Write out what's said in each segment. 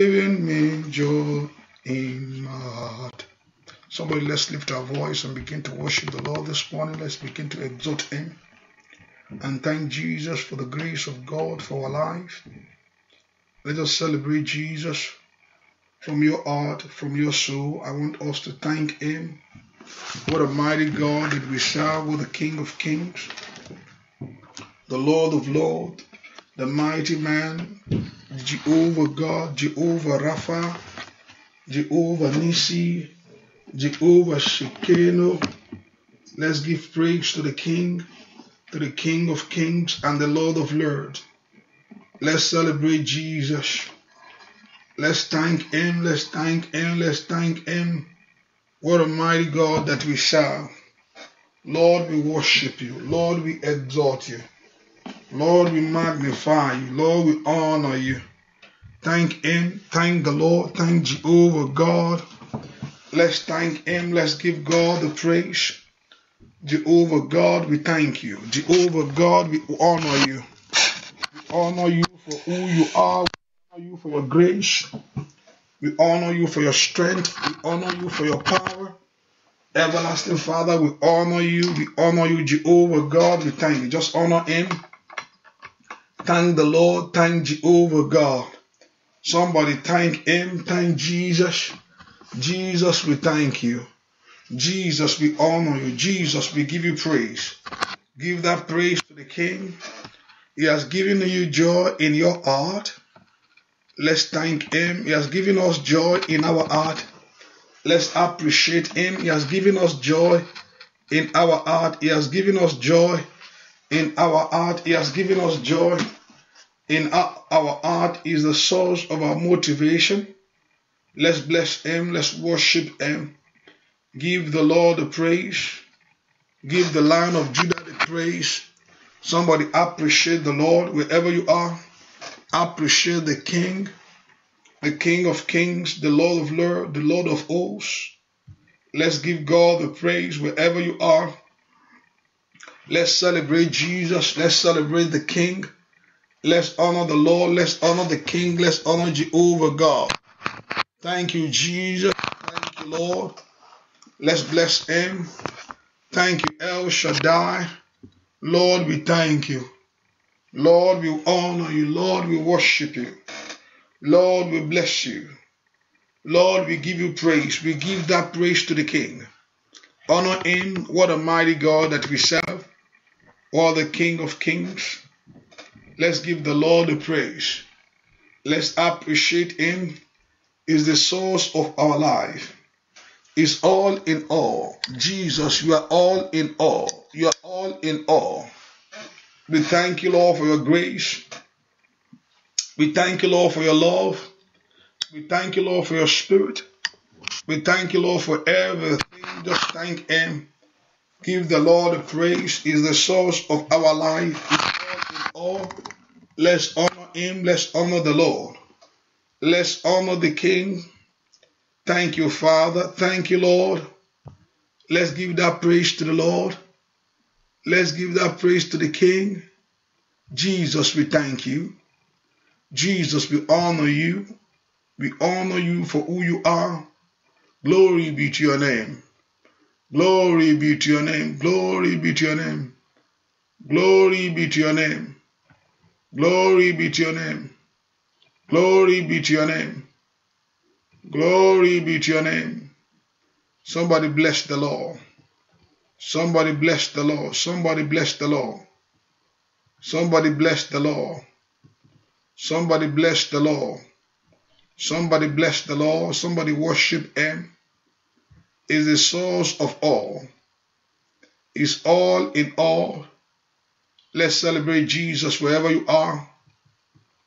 giving me joy in my heart. Somebody, let's lift our voice and begin to worship the Lord this morning. Let's begin to exhort Him and thank Jesus for the grace of God for our life. Let us celebrate Jesus from your heart, from your soul. I want us to thank Him. What a mighty God that we serve with the King of Kings, the Lord of Lords, the mighty man, Jehovah God, Jehovah Rapha, Jehovah Nisi, Jehovah Shekinah. Let's give praise to the King, to the King of Kings and the Lord of Lords. Let's celebrate Jesus. Let's thank Him, let's thank Him, let's thank Him. What a mighty God that we serve. Lord, we worship you. Lord, we exalt you. Lord, we magnify you. Lord, we honor you. Thank Him. Thank the Lord. Thank Jehovah God. Let's thank Him. Let's give God the praise. Jehovah God, we thank you. Jehovah God, we honor you. We honor you for who you are. We honor you for your grace. We honor you for your strength. We honor you for your power. Everlasting Father, we honor you. We honor you, Jehovah God. We thank you. Just honor Him. Thank the Lord, thank Jehovah God. Somebody thank Him, thank Jesus. Jesus, we thank you. Jesus, we honor you. Jesus, we give you praise. Give that praise to the King. He has given you joy in your heart. Let's thank Him. He has given us joy in our heart. Let's appreciate Him. He has given us joy in our heart. He has given us joy in our heart, He has given us joy. In our, our heart is the source of our motivation. Let's bless Him. Let's worship Him. Give the Lord the praise. Give the Lion of Judah the praise. Somebody appreciate the Lord wherever you are. Appreciate the King, the King of Kings, the Lord of Lords, the Lord of Hosts. Let's give God the praise wherever you are. Let's celebrate Jesus. Let's celebrate the King. Let's honor the Lord. Let's honor the King. Let's honor Jehovah God. Thank you, Jesus. Thank you, Lord. Let's bless Him. Thank you, El Shaddai. Lord, we thank you. Lord, we honor you. Lord, we worship you. Lord, we bless you. Lord, we give you praise. We give that praise to the King. Honor him. What a mighty God that we serve or the King of Kings. Let's give the Lord a praise. Let's appreciate Him. Is the source of our life. Is all in all. Jesus, you are all in all. You are all in all. We thank you, Lord, for your grace. We thank you, Lord, for your love. We thank you, Lord, for your spirit. We thank you, Lord, for everything. Just thank Him. Give the Lord praise. Is the source of our life. All Let's honor Him. Let's honor the Lord. Let's honor the King. Thank you, Father. Thank you, Lord. Let's give that praise to the Lord. Let's give that praise to the King. Jesus, we thank you. Jesus, we honor you. We honor you for who you are. Glory be to your name. Glory be to your name. Glory be to your name. Glory be to your name. Glory be to your name. Glory be to your name. Glory be to your name. Somebody bless the Lord. Somebody bless the Lord. Somebody bless the Lord. Somebody bless the Lord. Somebody bless the Lord. Somebody bless the Lord. Somebody worship Him is the source of all, is all in all. Let's celebrate Jesus wherever you are.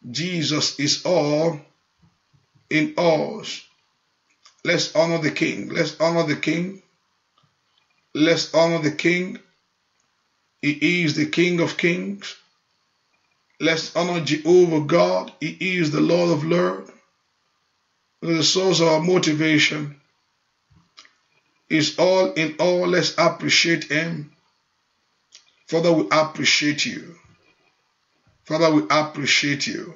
Jesus is all in all. Let's honor the King. Let's honor the King. Let's honor the King. He is the King of Kings. Let's honor Jehovah God. He is the Lord of Lord. The source of our motivation is all in all. Let's appreciate Him. Father, we appreciate you. Father, we appreciate you.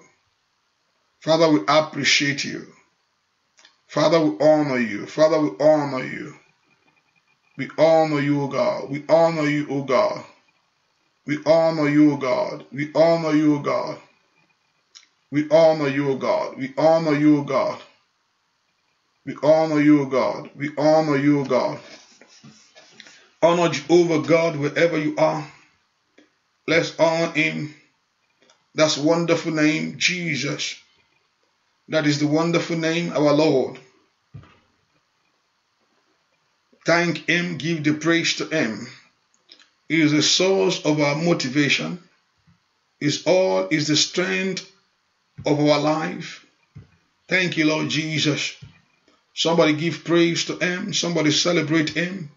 Father, we appreciate you. Father, we honor you. Father, we honor you. We honor you, O God. We honor you, O God. We honor you, O God. We honor you, O God. We honor you, O God. We honor you, O God. We honor you, O God. We honor you, O God. Honor Jehovah God wherever you are. Let's honor him. That's wonderful name, Jesus. That is the wonderful name, our Lord. Thank him, give the praise to him. He is the source of our motivation. Is all is the strength of our life. Thank you, Lord Jesus. Somebody give praise to Him. Somebody celebrate Him.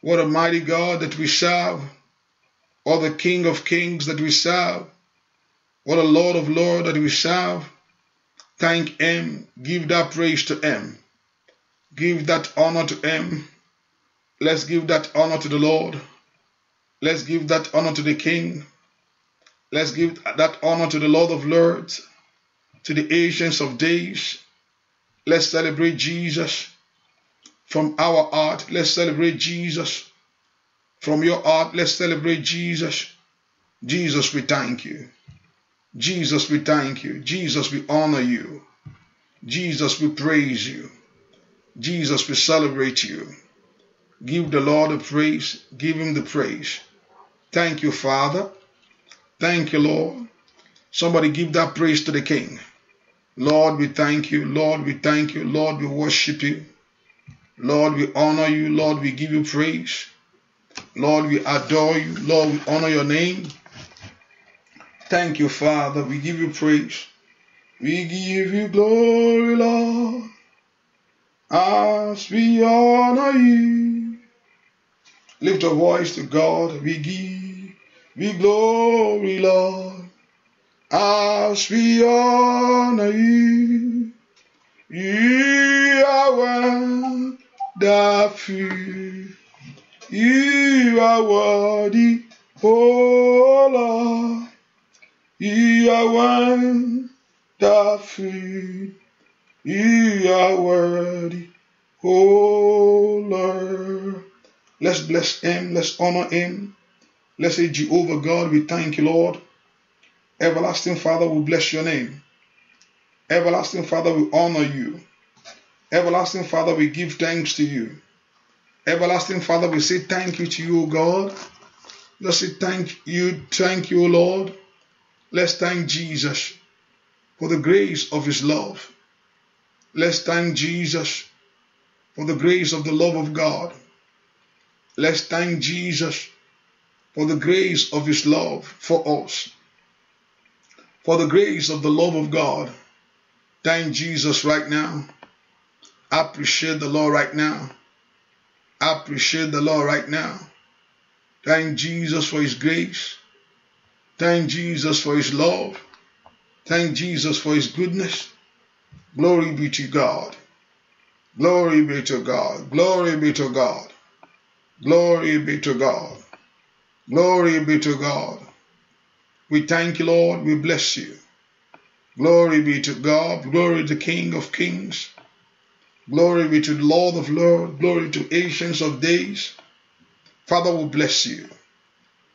What a mighty God that we serve. Or the King of Kings that we serve. What a Lord of Lords that we serve. Thank Him. Give that praise to Him. Give that honor to Him. Let's give that honor to the Lord. Let's give that honor to the King. Let's give that honor to the Lord of Lords, to the Ancients of Days, Let's celebrate Jesus from our heart. Let's celebrate Jesus from your heart. Let's celebrate Jesus. Jesus, we thank you. Jesus, we thank you. Jesus, we honor you. Jesus, we praise you. Jesus, we celebrate you. Give the Lord the praise. Give him the praise. Thank you, Father. Thank you, Lord. Somebody give that praise to the King. Lord, we thank you. Lord, we thank you. Lord, we worship you. Lord, we honor you. Lord, we give you praise. Lord, we adore you. Lord, we honor your name. Thank you, Father. We give you praise. We give you glory, Lord, as we honor you. Lift a voice to God. We give you glory, Lord as we honor you, you are wonderful. You are worthy, oh Lord. You are wonderful. You are worthy, oh Lord. Let's bless Him. Let's honor Him. Let's say, Jehovah God, we thank you, Lord. Everlasting Father, we bless your name. Everlasting Father, we honor you. Everlasting Father, we give thanks to you. Everlasting Father, we say thank you to you, God. Let's say thank you, thank you, Lord. Let's thank Jesus for the grace of his love. Let's thank Jesus for the grace of the love of God. Let's thank Jesus for the grace of his love for us for the grace of the love of God. Thank Jesus right now. I appreciate the Lord right now. I appreciate the Lord right now. Thank Jesus for His grace. Thank Jesus for His love. Thank Jesus for His goodness. Glory be to God. Glory be to God. Glory be to God. Glory be to God. Glory be to God. We thank you, Lord. We bless you. Glory be to God. Glory to the King of Kings. Glory be to the Lord of Lords. Glory to Ancients of Days. Father, we bless you.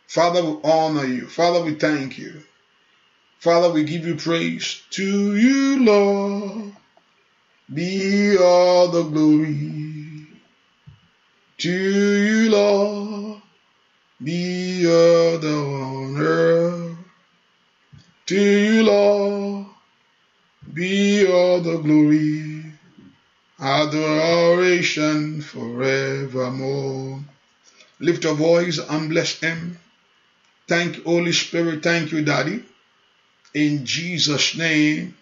Father, we honor you. Father, we thank you. Father, we give you praise. To you, Lord, be all the glory. To you, Lord, be all the to you, Lord, be all the glory, adoration forevermore. Lift your voice and bless Him. Thank you, Holy Spirit. Thank you, Daddy. In Jesus' name,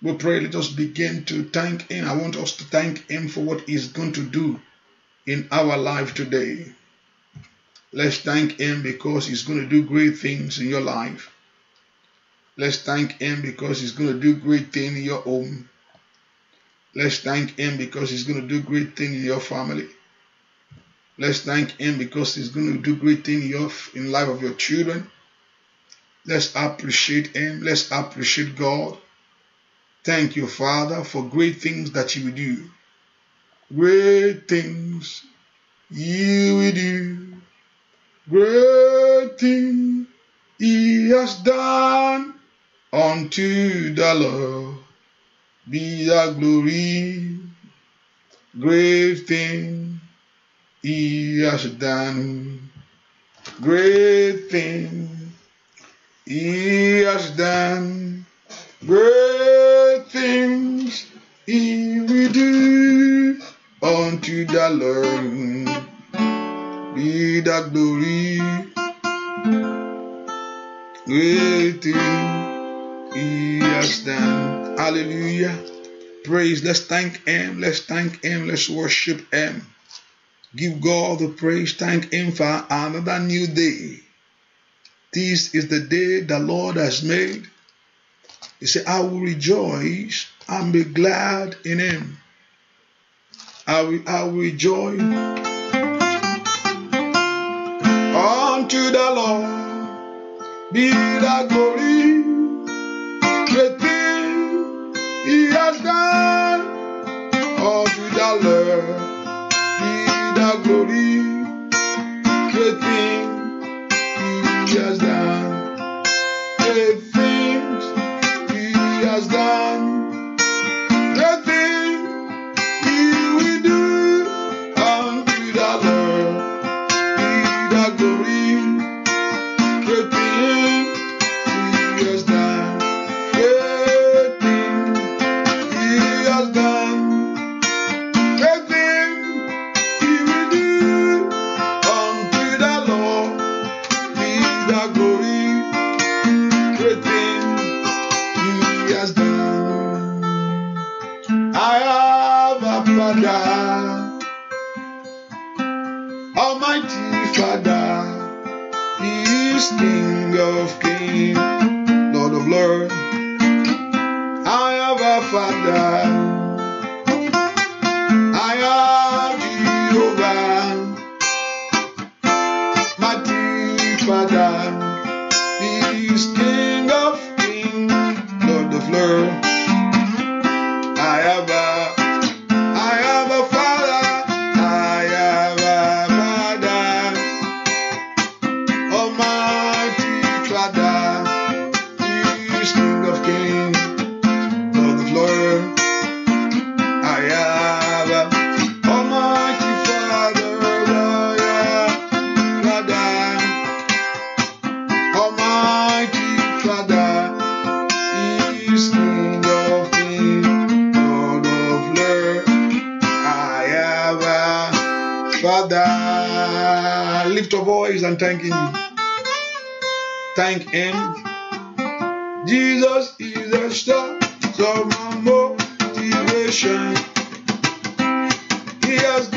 we pray. Let us begin to thank Him. I want us to thank Him for what He's going to do in our life today. Let's thank Him because He's going to do great things in your life. Let's thank Him because He's going to do great thing in your home. Let's thank Him because He's going to do great thing in your family. Let's thank Him because He's going to do great thing in your in life of your children. Let's appreciate Him. Let's appreciate God. Thank you, Father, for great things that you will do. Great things you will do. Great things He has done. Unto the Lord be the glory, great thing he has done, great thing he has done, great things he will do unto the Lord be the glory, great thing. Yes, then. Hallelujah. Praise. Let's thank Him. Let's thank Him. Let's worship Him. Give God the praise. Thank Him for another new day. This is the day the Lord has made. He said, I will rejoice and be glad in Him. I will, I will rejoice unto the Lord. Be the glory. thanking you. Thank Him. Jesus is the source of my motivation. He has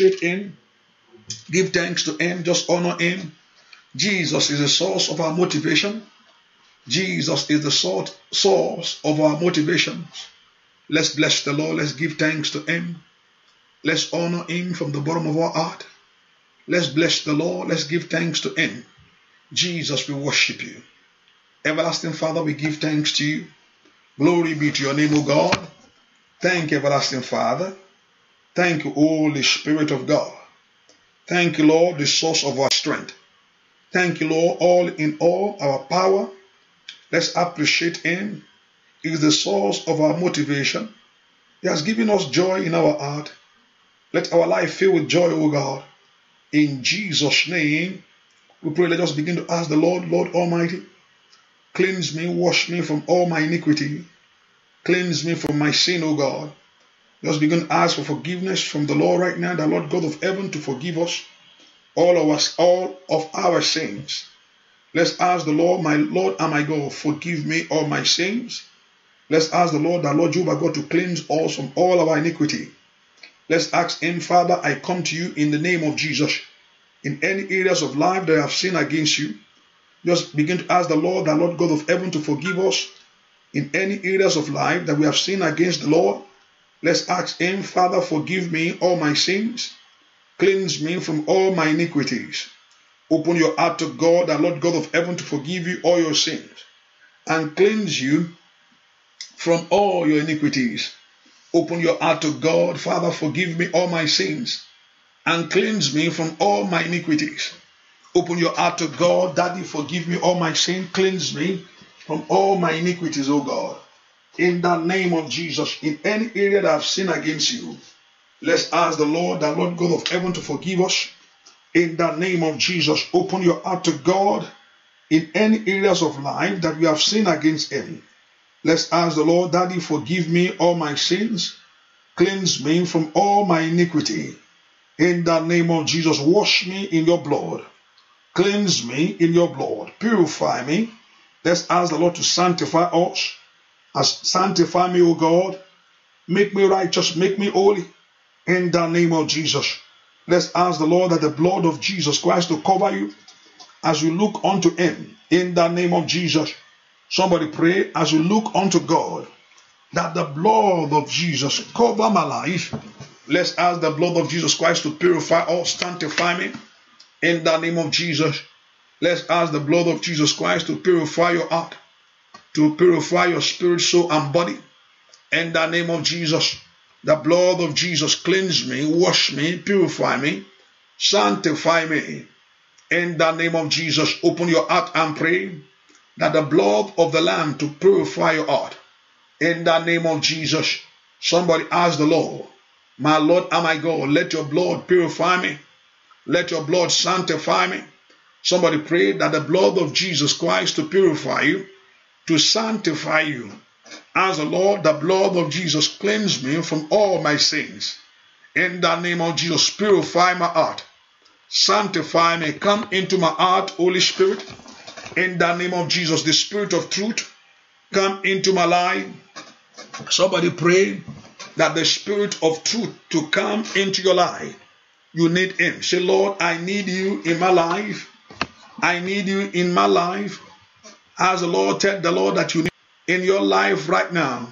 appreciate Him, give thanks to Him, just honor Him. Jesus is the source of our motivation. Jesus is the source of our motivations. Let's bless the Lord. Let's give thanks to Him. Let's honor Him from the bottom of our heart. Let's bless the Lord. Let's give thanks to Him. Jesus, we worship you. Everlasting Father, we give thanks to you. Glory be to your name, O God. Thank you, Everlasting Father. Thank you, Holy Spirit of God. Thank you, Lord, the source of our strength. Thank you, Lord, all in all, our power. Let's appreciate Him. He is the source of our motivation. He has given us joy in our heart. Let our life fill with joy, O God. In Jesus' name, we pray. Let us begin to ask the Lord, Lord Almighty, cleanse me, wash me from all my iniquity. Cleanse me from my sin, O God. Let's begin to ask for forgiveness from the Lord right now, the Lord God of heaven, to forgive us all of us, all of our sins. Let's ask the Lord, my Lord and my God, forgive me all my sins. Let's ask the Lord, our Lord Jehovah God, to cleanse us from all of our iniquity. Let's ask Him, Father, I come to you in the name of Jesus. In any areas of life that I have sinned against you, just begin to ask the Lord, the Lord God of heaven, to forgive us in any areas of life that we have sinned against the Lord. Let's ask Him, Father, forgive me all my sins, cleanse me from all my iniquities. Open your heart to God, the Lord God of heaven, to forgive you all your sins and cleanse you from all your iniquities. Open your heart to God, Father, forgive me all my sins and cleanse me from all my iniquities. Open your heart to God, Daddy, forgive me all my sins, cleanse me from all my iniquities, O God in the name of Jesus. In any area that I've sinned against you, let's ask the Lord, the Lord God of heaven, to forgive us. In the name of Jesus, open your heart to God in any areas of life that we have sinned against Him. Let's ask the Lord, Daddy, forgive me all my sins, cleanse me from all my iniquity. In the name of Jesus, wash me in your blood, cleanse me in your blood, purify me. Let's ask the Lord to sanctify us as Sanctify me, O God. Make me righteous. Make me holy. In the name of Jesus. Let's ask the Lord that the blood of Jesus Christ to cover you as you look unto Him. In the name of Jesus. Somebody pray as you look unto God that the blood of Jesus cover my life. Let's ask the blood of Jesus Christ to purify or sanctify me. In the name of Jesus. Let's ask the blood of Jesus Christ to purify your heart to purify your spirit, soul, and body. In the name of Jesus, the blood of Jesus cleanse me, wash me, purify me, sanctify me. In the name of Jesus, open your heart and pray that the blood of the Lamb to purify your heart. In the name of Jesus, somebody ask the Lord, My Lord and my God, let your blood purify me. Let your blood sanctify me. Somebody pray that the blood of Jesus Christ to purify you to sanctify you. As the Lord, the blood of Jesus cleanse me from all my sins. In the name of Jesus, purify my heart. Sanctify me. Come into my heart, Holy Spirit. In the name of Jesus, the Spirit of truth, come into my life. Somebody pray that the Spirit of truth to come into your life. You need Him. Say, Lord, I need you in my life. I need you in my life. Ask the Lord, tell the Lord that you need in your life right now.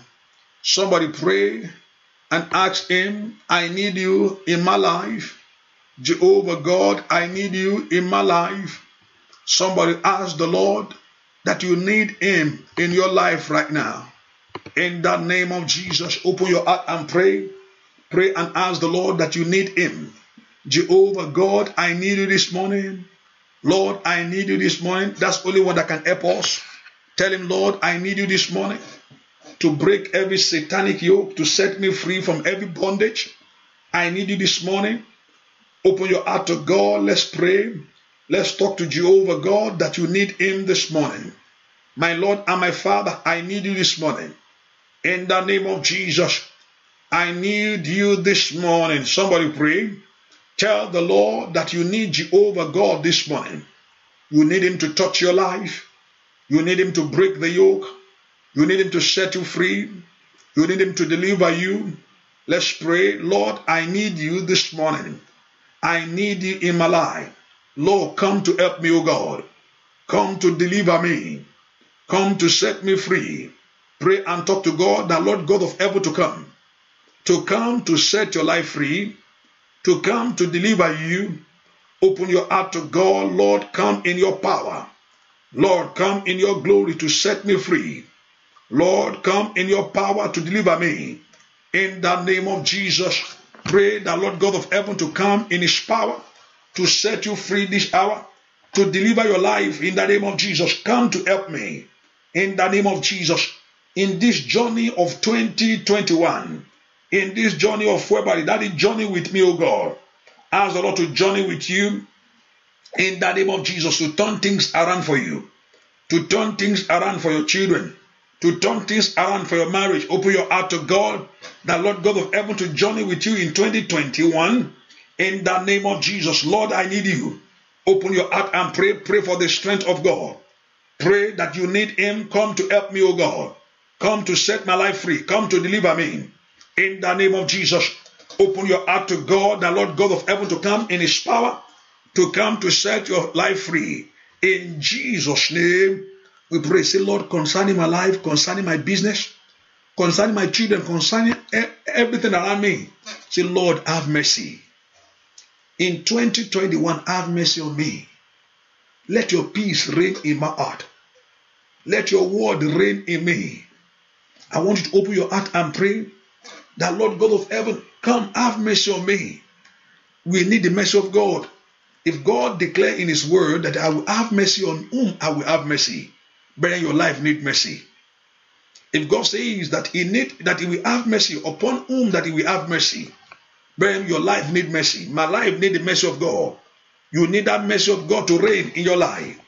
Somebody pray and ask Him, I need you in my life. Jehovah God, I need you in my life. Somebody ask the Lord that you need Him in your life right now. In the name of Jesus, open your heart and pray. Pray and ask the Lord that you need Him. Jehovah God, I need you this morning. Lord, I need you this morning. That's only what that can help us. Tell him, Lord, I need you this morning to break every satanic yoke, to set me free from every bondage. I need you this morning. Open your heart to God. Let's pray. Let's talk to Jehovah God that you need him this morning. My Lord and my Father, I need you this morning. In the name of Jesus, I need you this morning. Somebody pray. Tell the Lord that you need Jehovah God this morning. You need Him to touch your life. You need Him to break the yoke. You need Him to set you free. You need Him to deliver you. Let's pray. Lord, I need you this morning. I need you in my life. Lord, come to help me, O God. Come to deliver me. Come to set me free. Pray and talk to God, the Lord God of heaven, to come. To come to set your life free to come to deliver you. Open your heart to God. Lord, come in your power. Lord, come in your glory to set me free. Lord, come in your power to deliver me. In the name of Jesus, pray the Lord God of heaven to come in his power to set you free this hour, to deliver your life in the name of Jesus. Come to help me in the name of Jesus in this journey of 2021 in this journey of February. That is journey with me, O God. Ask the Lord to journey with you in the name of Jesus to turn things around for you, to turn things around for your children, to turn things around for your marriage. Open your heart to God, the Lord God of heaven, to journey with you in 2021 in the name of Jesus. Lord, I need you. Open your heart and pray. Pray for the strength of God. Pray that you need Him. Come to help me, O God. Come to set my life free. Come to deliver me. In the name of Jesus, open your heart to God, the Lord God of heaven, to come in His power, to come to set your life free. In Jesus' name, we pray. Say, Lord, concerning my life, concerning my business, concerning my children, concerning everything around me, say, Lord, have mercy. In 2021, have mercy on me. Let your peace reign in my heart. Let your word reign in me. I want you to open your heart and pray that Lord God of heaven, come have mercy on me. We need the mercy of God. If God declare in his word that I will have mercy on whom I will have mercy, brethren, your life need mercy. If God says that he need that he will have mercy upon whom that he will have mercy, brethren, your life need mercy. My life need the mercy of God. You need that mercy of God to reign in your life.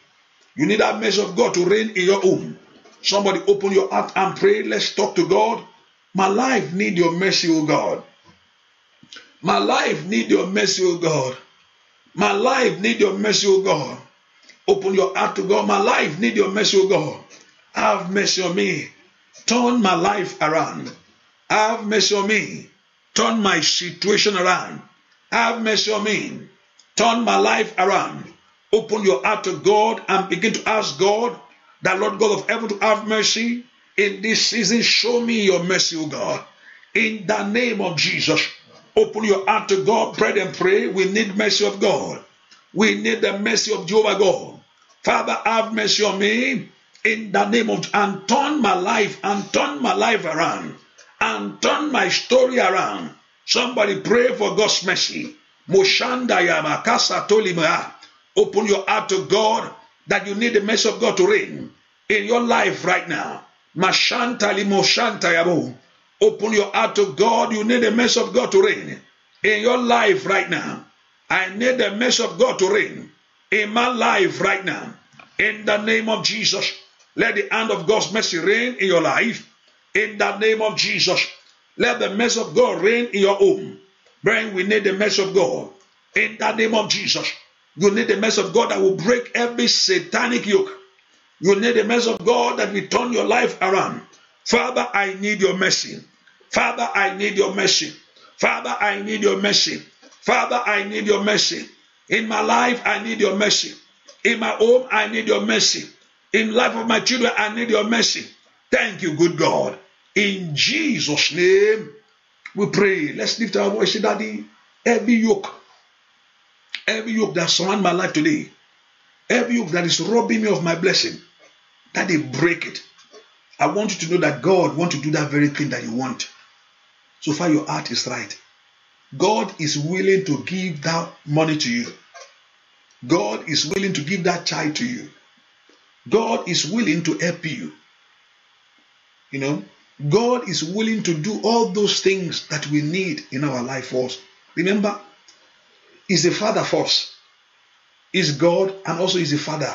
You need that mercy of God to reign in your home. Somebody open your heart and pray. Let's talk to God. My life need your mercy, O God. My life need your mercy, O God. My life need your mercy, O God. Open your heart to God. My life need your mercy, O God. Have mercy on me. Turn my life around. Have mercy on me. Turn my situation around. Have mercy on me. Turn my life around. Open your heart to God and begin to ask God, that Lord God of heaven, to have mercy in this season, show me your mercy, O God. In the name of Jesus, open your heart to God, pray and pray. We need mercy of God. We need the mercy of Jehovah God. Father, have mercy on me in the name of and turn my life and turn my life around and turn my story around. Somebody pray for God's mercy. Open your heart to God that you need the mercy of God to reign in your life right now. Mashanta limoshanta yabo. Open your heart to God. You need the mess of God to reign in your life right now. I need the mess of God to reign in my life right now. In the name of Jesus, let the hand of God's mercy reign in your life. In the name of Jesus, let the mess of God reign in your home. Brian, we need the mess of God. In the name of Jesus, you need the mess of God that will break every satanic yoke you need the mercy of God that will turn your life around. Father, I need your mercy. Father, I need your mercy. Father, I need your mercy. Father, I need your mercy. In my life, I need your mercy. In my home, I need your mercy. In life of my children, I need your mercy. Thank you, good God. In Jesus' name, we pray. Let's lift our voice, Daddy. Every yoke, every yoke that surround my life today, Every yoke that is robbing me of my blessing, that they break it. I want you to know that God wants to do that very thing that you want. So far, your heart is right. God is willing to give that money to you. God is willing to give that child to you. God is willing to help you. You know, God is willing to do all those things that we need in our life for us. Remember, He's the Father for us is God and also is a father.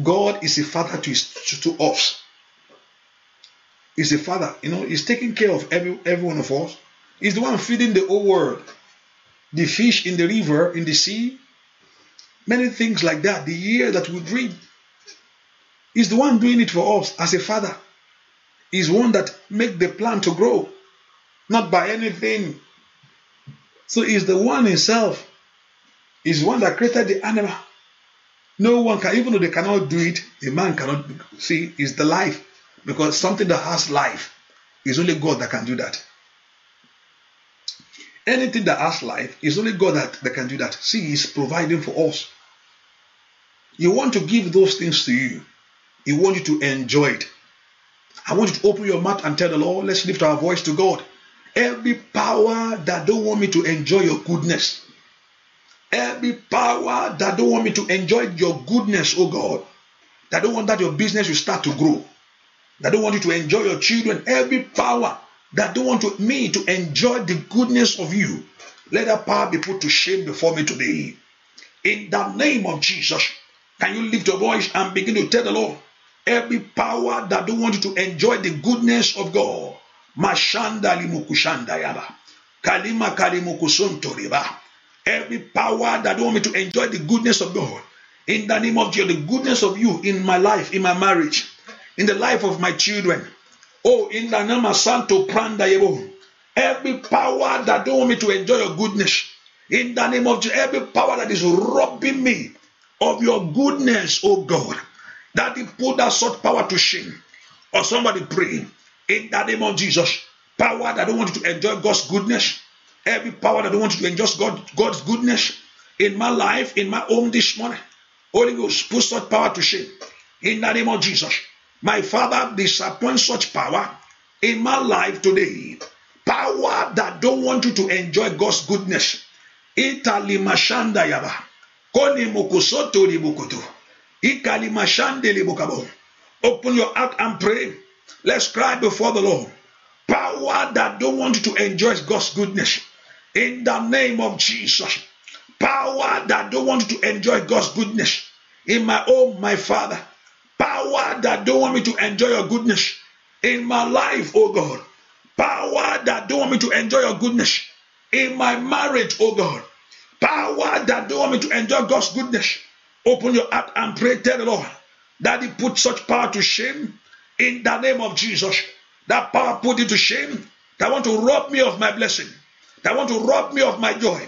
God is a father to, his, to, to us. He's a father, you know, he's taking care of every, every one of us. He's the one feeding the whole world. The fish in the river, in the sea, many things like that. The air that we breathe. He's the one doing it for us as a father. He's one that make the plant to grow, not by anything. So he's the one himself is one that created the animal. No one can, even though they cannot do it, a man cannot see is the life because something that has life is only God that can do that. Anything that has life is only God that, that can do that. See, is providing for us. He want to give those things to you. He want you to enjoy it. I want you to open your mouth and tell the Lord, let's lift our voice to God. Every power that don't want me to enjoy your goodness, Every power that don't want me to enjoy your goodness, oh God, that don't want that your business will start to grow, that don't want you to enjoy your children, every power that don't want to, me to enjoy the goodness of you, let that power be put to shame before me today. In the name of Jesus, can you lift your voice and begin to tell the Lord every power that don't want you to enjoy the goodness of God? Mashanda limukushanda yaba. Kalima kalimukusuntoriba. Every power that want me to enjoy the goodness of God, in the name of Jesus, the goodness of you in my life, in my marriage, in the life of my children. Oh, in the name of Santo Prandayebo, every power that don't want me to enjoy your goodness, in the name of Jesus, every power that is robbing me of your goodness, oh God, that it put that sort power to shame. Or somebody pray in the name of Jesus, power that don't want you to enjoy God's goodness Every power that wants to enjoy God, God's goodness in my life, in my home this morning, Holy Ghost, put such power to shame in the name of Jesus. My Father, disappoint such power in my life today. Power that don't want you to enjoy God's goodness. Itali Italimashanda yaba. Kone mokosoto itali Ikalimashande libukabo. Open your heart and pray. Let's cry before the Lord. Power that don't want you to enjoy God's goodness in the name of Jesus. Power that don't want to enjoy God's goodness in my home, my Father. Power that don't want me to enjoy your goodness in my life, oh God. Power that don't want me to enjoy your goodness in my marriage, oh God. Power that don't want me to enjoy God's goodness. Open your heart and pray, tell the Lord that He put such power to shame in the name of Jesus. That power put it to shame. That want to rob me of my blessing that want to rob me of my joy,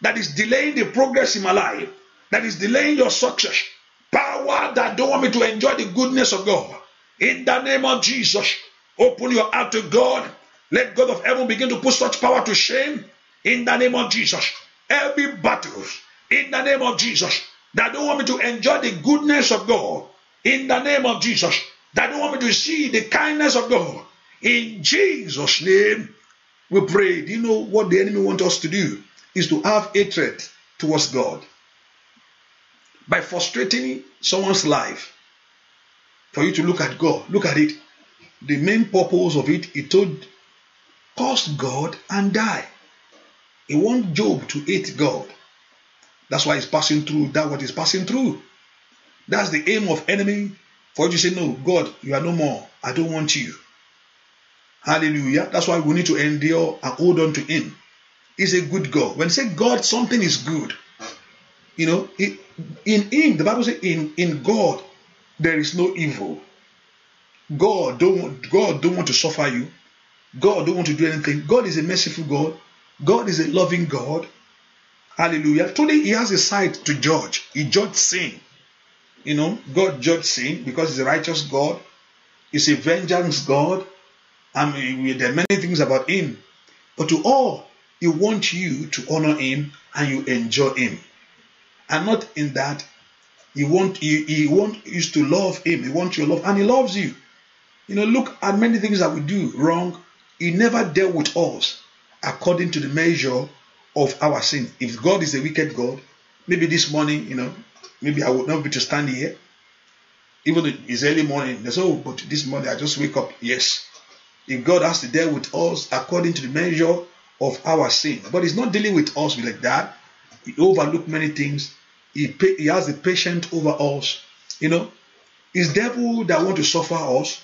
that is delaying the progress in my life, that is delaying your success, power that don't want me to enjoy the goodness of God. In the name of Jesus, open your heart to God. Let God of heaven begin to put such power to shame. In the name of Jesus, every battle. In the name of Jesus, that don't want me to enjoy the goodness of God. In the name of Jesus, that don't want me to see the kindness of God. In Jesus' name, we pray, do you know what the enemy wants us to do? Is to have hatred towards God by frustrating someone's life. For you to look at God, look at it. The main purpose of it, it told, curse God and die. He wants Job to hate God. That's why he's passing through that what he's passing through. That's the aim of enemy for you to say, No, God, you are no more. I don't want you. Hallelujah. That's why we need to endure and hold on to Him. He's a good God. When you say God, something is good. You know, in Him, the Bible says, in, in God, there is no evil. God don't want, God don't want to suffer you. God don't want to do anything. God is a merciful God. God is a loving God. Hallelujah. Today He has a sight to judge. He judged sin. You know, God judged sin because He's a righteous God. He's a vengeance God. I mean, there are many things about Him, but to all, He wants you to honor Him and you enjoy Him, and not in that He want He, he want you to love Him. He wants your love, and He loves you. You know, look at many things that we do wrong. He never dealt with us according to the measure of our sin. If God is a wicked God, maybe this morning, you know, maybe I would not be to stand here. Even it's early morning, they say, oh, but this morning I just wake up. Yes, if God has to deal with us according to the measure of our sin, but He's not dealing with us like that. He overlooked many things. He, pay, he has the patience over us. You know, is devil that want to suffer us.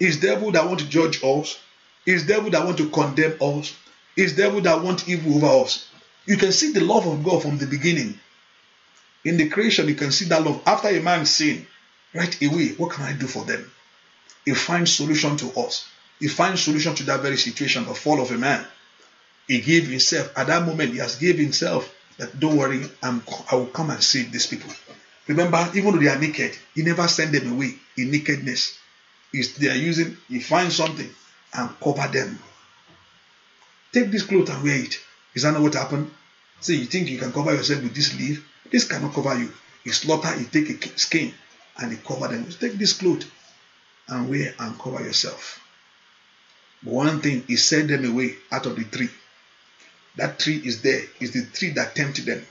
Is devil that want to judge us. Is devil that want to condemn us. Is devil that want evil over us. You can see the love of God from the beginning. In the creation, you can see that love. After a man sin, right away, what can I do for them? He finds solution to us. He finds solution to that very situation, the fall of a man. He gave himself. At that moment, he has gave himself that don't worry, I'm, I will come and save these people. Remember, even though they are naked, he never sent them away in nakedness. He's, they are using, he finds something and cover them. Take this cloth and wear it. Is that not what happened? See, you think you can cover yourself with this leaf? This cannot cover you. He slaughter, he take a skin and he cover them. take this cloth and wear and cover yourself. But one thing, he sent them away out of the tree. That tree is there. It's the tree that tempted them.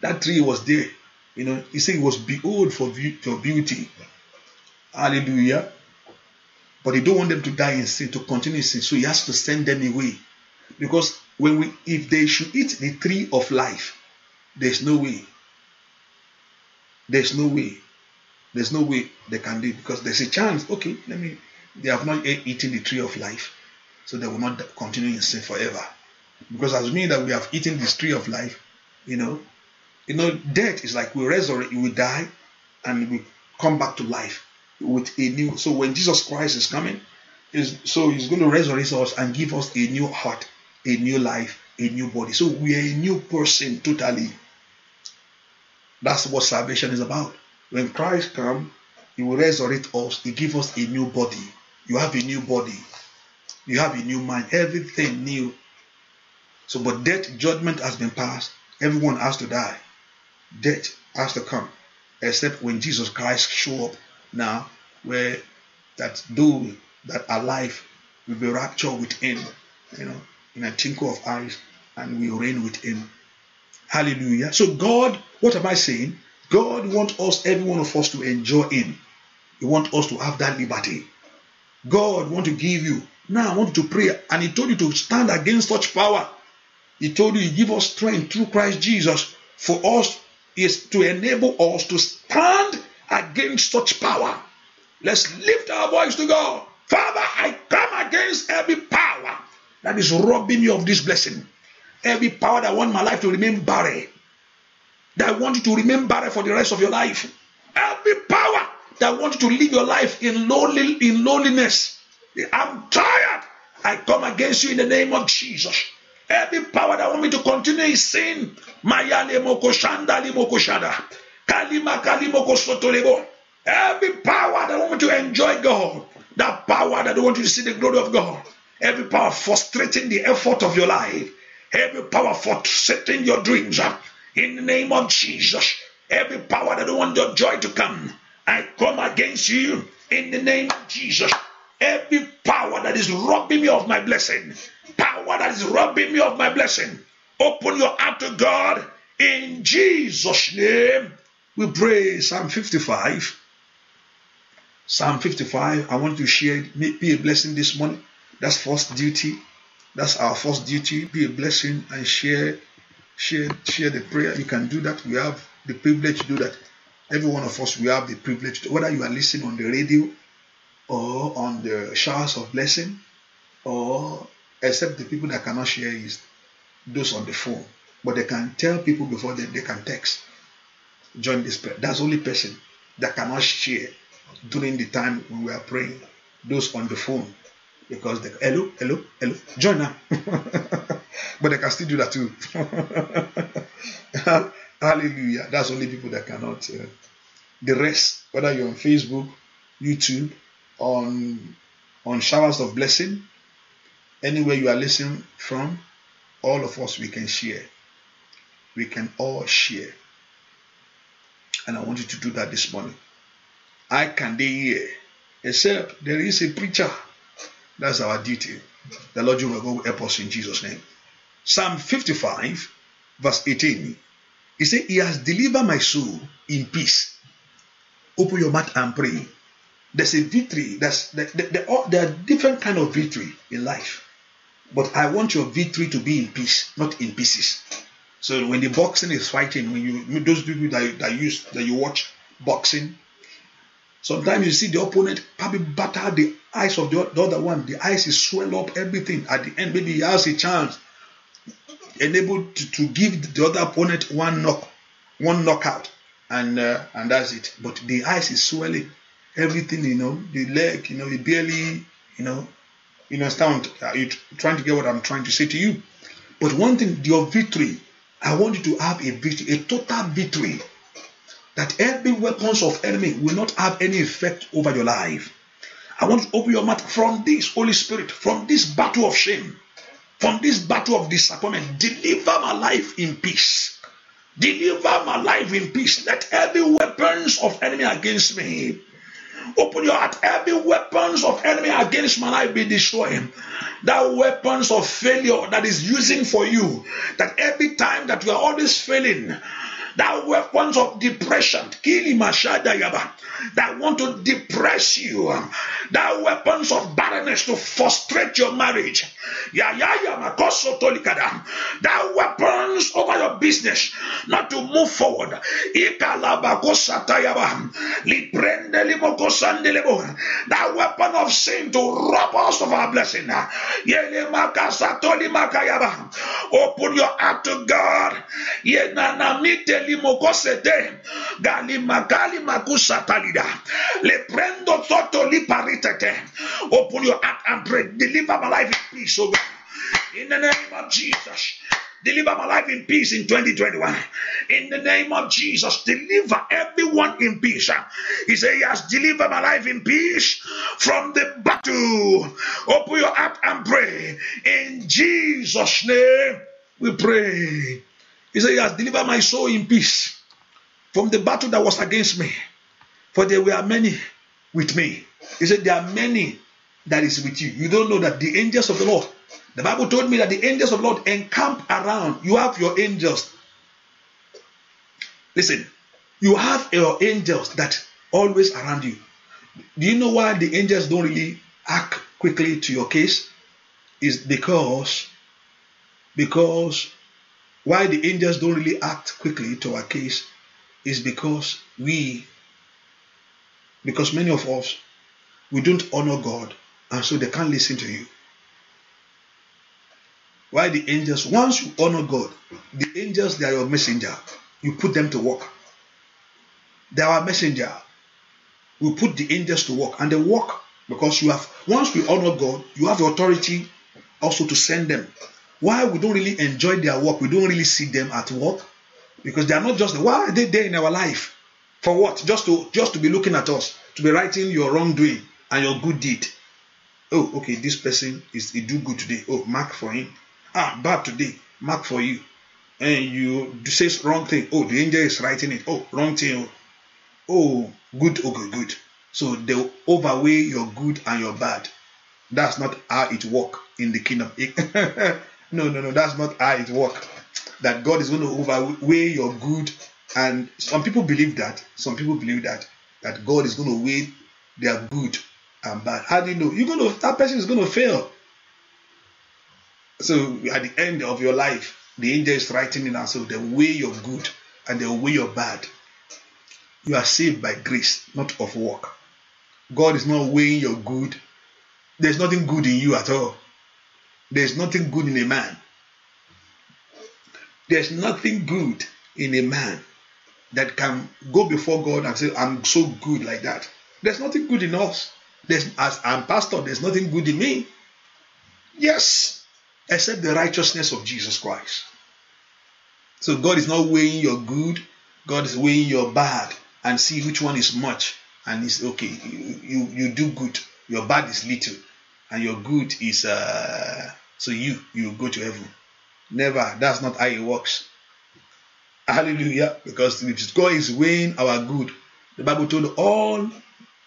That tree was there. You know, he said it was behold for, your beauty. Hallelujah. But he don't want them to die in sin, to continue sin. So he has to send them away. Because when we if they should eat the tree of life, there's no way. There's no way. There's no way they can live because there's a chance. Okay, let me they have not yet eaten the tree of life, so they will not continue in sin forever. Because as me that we have eaten this tree of life, you know, you know, death is like we resurrect, we die, and we come back to life with a new. So when Jesus Christ is coming, is so he's going to resurrect us and give us a new heart, a new life, a new body. So we are a new person totally. That's what salvation is about. When Christ comes, He will resurrect us, He give us a new body. You have a new body. You have a new mind. Everything new. So, but death judgment has been passed. Everyone has to die. Death has to come. Except when Jesus Christ show up now, where that those that are alive will be raptured with him, you know, in a twinkle of eyes, and we reign with him. Hallelujah. So God, what am I saying? God wants us, every one of us, to enjoy him. He wants us to have that liberty. God want to give you. Now I want you to pray. And he told you to stand against such power. He told you he give us strength through Christ Jesus for us is to enable us to stand against such power. Let's lift our voice to God. Father, I come against every power that is robbing me of this blessing. Every power that want my life to remain barren. That I want you to remain barren for the rest of your life. Every power that want you to live your life in, lonely in loneliness. I'm tired. I come against you in the name of Jesus. Every power that want me to continue is sin. Every power that want me to enjoy God, that power that want you to see the glory of God, every power frustrating the effort of your life, every power frustrating your dreams, in the name of Jesus, every power that want your joy to come, I come against you in the name of Jesus. Every power that is robbing me of my blessing, power that is robbing me of my blessing, open your heart to God in Jesus' name. We pray Psalm 55. Psalm 55. I want to share, be a blessing this morning. That's first duty. That's our first duty. Be a blessing and share, share, share the prayer. You can do that. We have the privilege to do that. Every one of us, we have the privilege, to, whether you are listening on the radio or on the showers of blessing, or except the people that cannot share is those on the phone. But they can tell people before they, they can text. Join this prayer. That's only person that cannot share during the time when we are praying. Those on the phone. Because they hello, hello, hello. Join now. but they can still do that too. Hallelujah. That's only people that cannot. Uh, the rest, whether you're on Facebook, YouTube, on on showers of blessing, anywhere you are listening from, all of us we can share. We can all share. And I want you to do that this morning. I can they hear, except there is a preacher. That's our duty. The Lord you will help us in Jesus' name. Psalm 55, verse 18. He said, He has delivered my soul in peace. Open your mouth and pray. There's a victory. There's, there, there, there are different kind of victory in life. But I want your victory to be in peace, not in pieces. So when the boxing is fighting, when you those people that, that use that you watch boxing, sometimes you see the opponent probably batter the eyes of the, the other one. The eyes is swell up, everything. At the end, maybe he has a chance enabled to, to, give the other opponent one knock, one knockout, and uh, and that's it. But the eyes is swelling, everything you know, the leg, you know, it barely, you know, you understand? Are you trying to get what I'm trying to say to you? But one thing, your victory, I want you to have a victory, a total victory, that every weapons of enemy will not have any effect over your life. I want to open your mouth from this Holy Spirit, from this battle of shame from this battle of disappointment. Deliver my life in peace. Deliver my life in peace. Let every weapons of enemy against me open your heart. Every weapons of enemy against my life be destroyed. That weapons of failure that is using for you. That every time that you are always failing, that weapons of depression, that want to depress you, that weapons of barrenness to frustrate your marriage, that weapons over your business not to move forward, that weapon of sin to rob us of our blessing. Open your heart to God. elimokosete galimagali makusatalida leprendo toto liparitete open your heart and pray deliver my life in peace O God in the name of Jesus Deliver my life in peace in 2021. In the name of Jesus, deliver everyone in peace. He said, He has delivered my life in peace from the battle. Open your heart and pray. In Jesus' name, we pray. He said, He has delivered my soul in peace from the battle that was against me, for there were many with me. He said, There are many that is with you. You don't know that the angels of the Lord, the Bible told me that the angels of the Lord encamp around. You have your angels. Listen, you have your angels that always around you. Do you know why the angels don't really act quickly to your case? Is because because why the angels don't really act quickly to our case is because we, because many of us, we don't honor God and so they can't listen to you. Why the angels, once you honor God, the angels, they are your messenger. You put them to work. They are our messenger. We put the angels to work and they work because you have, once we honor God, you have the authority also to send them why we don't really enjoy their work we don't really see them at work because they are not just why are they there in our life for what just to just to be looking at us to be writing your wrongdoing and your good deed oh okay this person is he do good today oh mark for him ah bad today mark for you and you say wrong thing oh the angel is writing it oh wrong thing oh good okay oh, good so they overweigh your good and your bad that's not how it work in the kingdom No, no, no, that's not how it works. That God is going to overweigh your good. And some people believe that. Some people believe that. That God is going to weigh their good and bad. How do you know? You're going to, that person is going to fail. So at the end of your life, the angel is writing in us, so they weigh your good and they weigh your bad. You are saved by grace, not of work. God is not weighing your good. There's nothing good in you at all. There's nothing good in a man. There's nothing good in a man that can go before God and say, I'm so good like that. There's nothing good in us. There's, as I'm pastor, there's nothing good in me. Yes, except the righteousness of Jesus Christ. So God is not weighing your good, God is weighing your bad and see which one is much. And it's okay, you, you, you do good, your bad is little, and your good is uh, so you you go to heaven. Never. That's not how it works. Hallelujah. Because if God is weighing our good, the Bible told all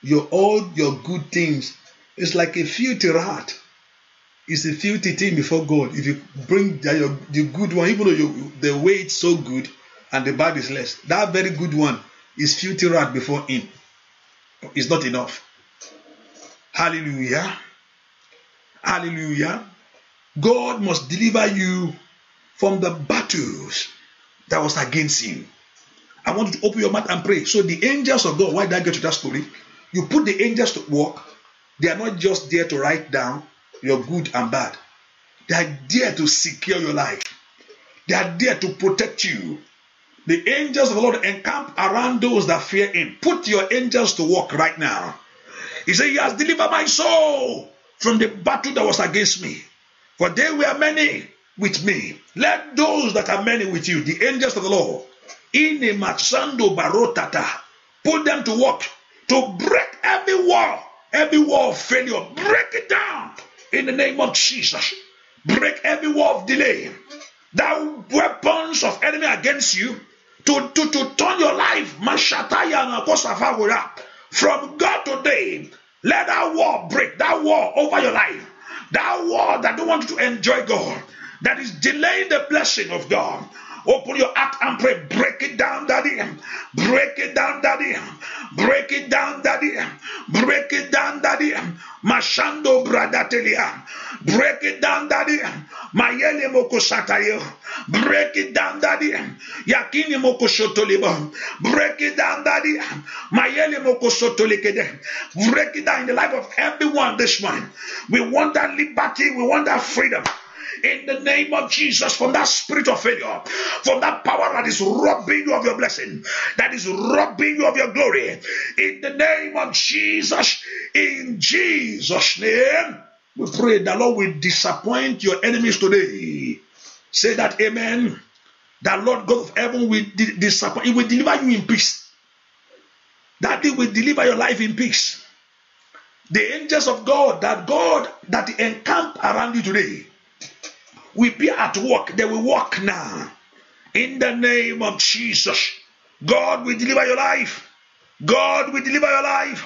your all your good things is like a filthy rat. It's a filthy thing before God. If you bring the, your, the good one, even though you, the weight so good and the bad is less, that very good one is filthy rat before Him. It's not enough. Hallelujah. Hallelujah. God must deliver you from the battles that was against him. I want you to open your mouth and pray. So the angels of God, why did I get to that story? You put the angels to work. They are not just there to write down your good and bad. They are there to secure your life. They are there to protect you. The angels of the Lord encamp around those that fear him. Put your angels to work right now. He said, He has delivered my soul from the battle that was against me. For they were many with me. Let those that are many with you, the angels of the Lord, in a machando barotata, put them to work to break every wall, every wall of failure. Break it down in the name of Jesus. Break every wall of delay. That weapons of enemy against you to, to, to turn your life from God today. Let that wall break, that wall over your life. That word that don't want you to enjoy God, that is delaying the blessing of God, Open your heart and pray. Break it down, daddy. Break it down, daddy. Break it down, daddy. Break it down, daddy. Mashando bradatelia. Break it down, daddy. Mayele mokosatayo. Break it down, daddy. Yakini mokoshotolibo. Break it down, daddy. Mayele mokosotolikede. Break it down in the life of everyone this morning. We want that liberty. We want that freedom in the name of Jesus from that spirit of failure, from that power that is robbing you of your blessing, that is robbing you of your glory. In the name of Jesus, in Jesus' name, we pray the Lord will disappoint your enemies today. Say that, Amen. The Lord God of heaven will disappoint, He will deliver you in peace. That He will deliver your life in peace. The angels of God, that God that encamp around you today, we be at work. They will walk now. In the name of Jesus. God will deliver your life. God will deliver your life.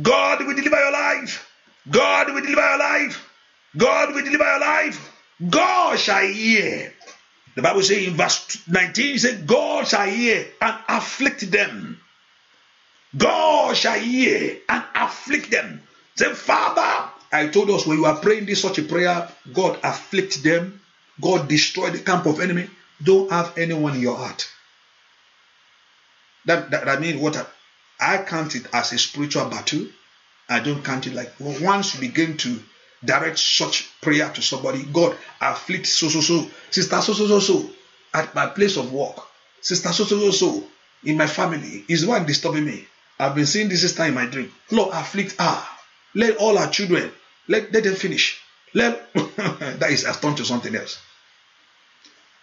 God will deliver your life. God will deliver your life. God will deliver your life. God shall hear. The Bible says in verse 19, says, God shall hear and afflict them. God shall hear and afflict them. Say, Father, I told us when you are praying this such a prayer, God afflict them, God destroy the camp of enemy. Don't have anyone in your heart. That that, that means what I, I count it as a spiritual battle. I don't count it like well, once you begin to direct such prayer to somebody, God afflict so so so, sister so so so so at my place of work, sister so so so so in my family is one disturbing me. I've been seeing this sister in my dream. Lord, afflict her. Let all our children, let, let them finish. Let that is turn to something else.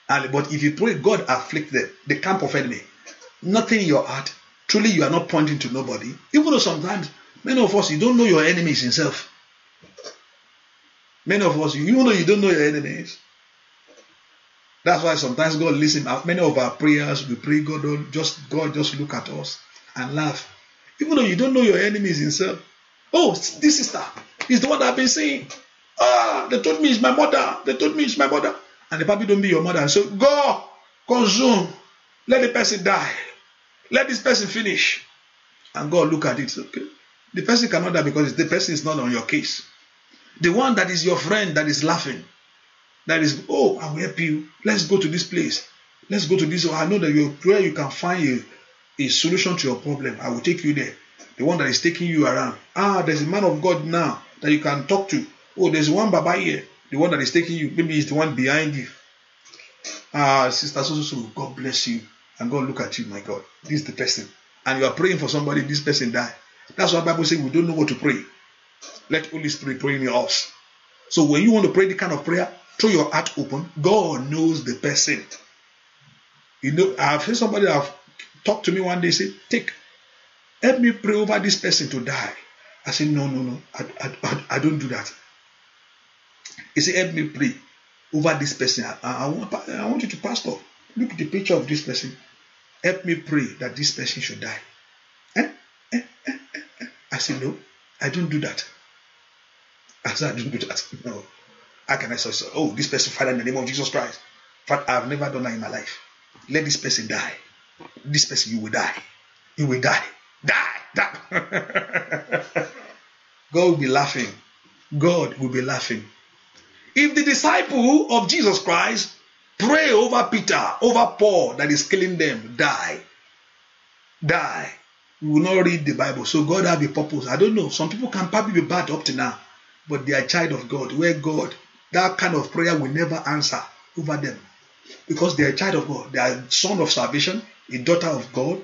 And, but if you pray, God afflict them, the camp of enemy. Nothing in your heart. Truly, you are not pointing to nobody. Even though sometimes many of us you don't know your enemies himself. Many of us, even though you don't know your enemies, that's why sometimes God listen. Uh, many of our prayers, we pray God, just God, just look at us and laugh. Even though you don't know your enemies himself, Oh, this sister is the one that I've been seeing. Ah, they told me it's my mother. They told me it's my mother. And the baby don't be your mother. So go, consume. Let the person die. Let this person finish. And God look at it. Okay. The person cannot die because the person is not on your case. The one that is your friend that is laughing, that is, oh, I will help you. Let's go to this place. Let's go to this. I know that your prayer you can find a, a solution to your problem. I will take you there the one that is taking you around. Ah, there's a man of God now that you can talk to. Oh, there's one Baba here, the one that is taking you. Maybe it's the one behind you. Ah, Sister so. God bless you. And God look at you, my God. This is the person. And you are praying for somebody, this person die. That's why Bible says we don't know what to pray. Let Holy Spirit pray in us. So when you want to pray the kind of prayer, throw your heart open. God knows the person. You know, I've heard somebody have talked to me one day say, take Help me pray over this person to die. I said, No, no, no. I, I, I, don't do that. He said, Help me pray over this person. I, I, want, I want you to pastor. Look at the picture of this person. Help me pray that this person should die. Eh? Eh? Eh? eh, eh. I said, No, I don't do that. I said, I don't do that. No. How can I say, so? Oh, this person, Father, in the name of Jesus Christ. But I've never done that in my life. Let this person die. This person, you will die. You will die. Die. die. God will be laughing. God will be laughing. If the disciple of Jesus Christ pray over Peter, over Paul that is killing them, die. Die. We will not read the Bible. So God have a purpose. I don't know. Some people can probably be bad up to now, but they are child of God. Where God, that kind of prayer will never answer over them. Because they are child of God. They are son of salvation, a daughter of God,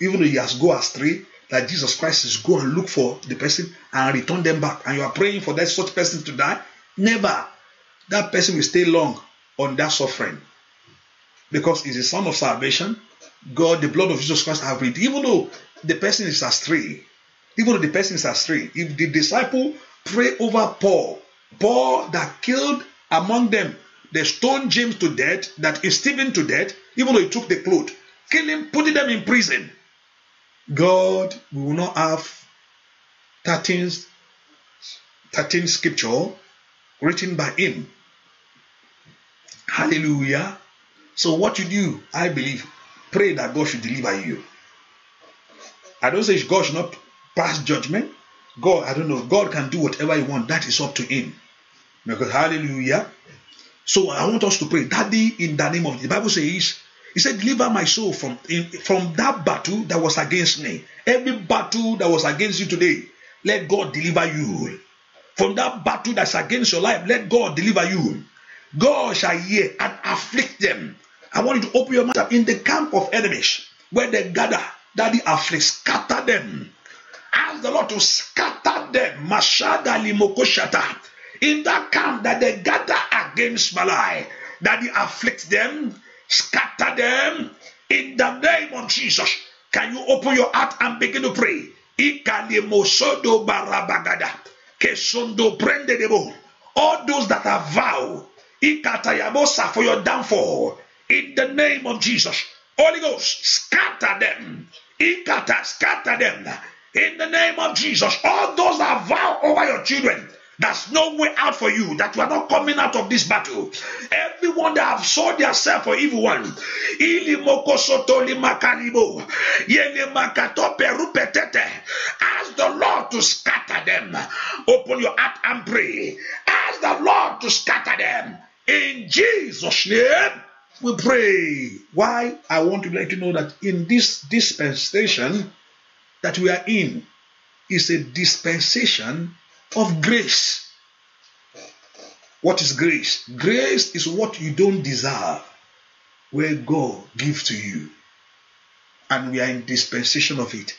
even though he has go astray, that Jesus Christ is go and look for the person and return them back, and you are praying for that such person to die, never. That person will stay long on that suffering because it's a Son of salvation. God, the blood of Jesus Christ, have read. Even though the person is astray, even though the person is astray, if the disciple pray over Paul, Paul that killed among them, they stoned James to death, that is Stephen to death, even though he took the clothes, killing, putting them in prison. God will not have 13, 13 scripture written by him. Hallelujah. So what you do, I believe, pray that God should deliver you. I don't say God should not pass judgment. God, I don't know, God can do whatever he want. That is up to him. Because hallelujah. So I want us to pray. Daddy, in the name of the Bible says, He said, Deliver my soul from, from that battle that was against me. Every battle that was against you today, let God deliver you. From that battle that's against your life, let God deliver you. God shall hear and afflict them. I want you to open your mouth in the camp of enemies where they gather, that the afflict, scatter them. Ask the Lord to scatter them. Mashada limokoshata. In that camp that they gather against Malai, that he afflict them, Scatter them in the name of Jesus. Can you open your heart and begin to pray? Ikalemosodo barabagada. Kesondo prendedebo. All those that have vowed ikatayamosa for your downfall in the name of Jesus. Holy Ghost, scatter them. Ikata, scatter them in the name of Jesus. All those that vow over your children, There's no way out for you that you are not coming out of this battle. Everyone that have sold themselves for evil one. Ask the Lord to scatter them. Open your heart and pray. Ask the Lord to scatter them. In Jesus' name we pray. Why? I want to let you know that in this dispensation that we are in is a dispensation of grace. What is grace? Grace is what you don't deserve, where God gives to you. And we are in dispensation of it.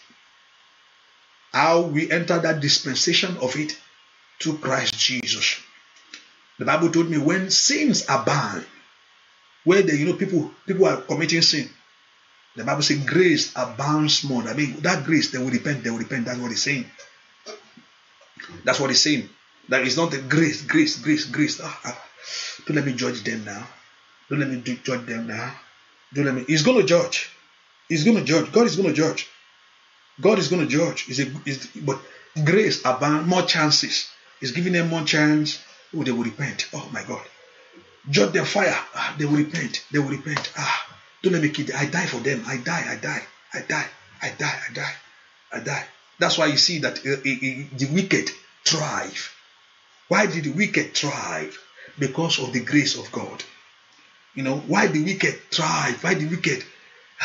How we enter that dispensation of it through Christ Jesus. The Bible told me when sins abound, where the you know people people are committing sin, the Bible says grace abounds more. I mean that grace they will repent, they will repent. That's what it's saying. That's what he's saying. That is not the grace, grace, grace, grace. Ah, ah. Don't let me judge them now. Don't let me judge them now. Don't let me. He's going to judge. He's going to judge. God is going to judge. God is going to judge. Is is but grace abound more chances. Is giving them more chance. Oh, they will repent. Oh my God. Judge their fire. Ah, they will repent. They will repent. Ah, don't let me kid. I die for them. I die. I die. I die. I die. I die. I die. That's why you see that uh, uh, uh, the wicked thrive. Why did the wicked thrive? Because of the grace of God. You know, why the wicked thrive? Why the wicked?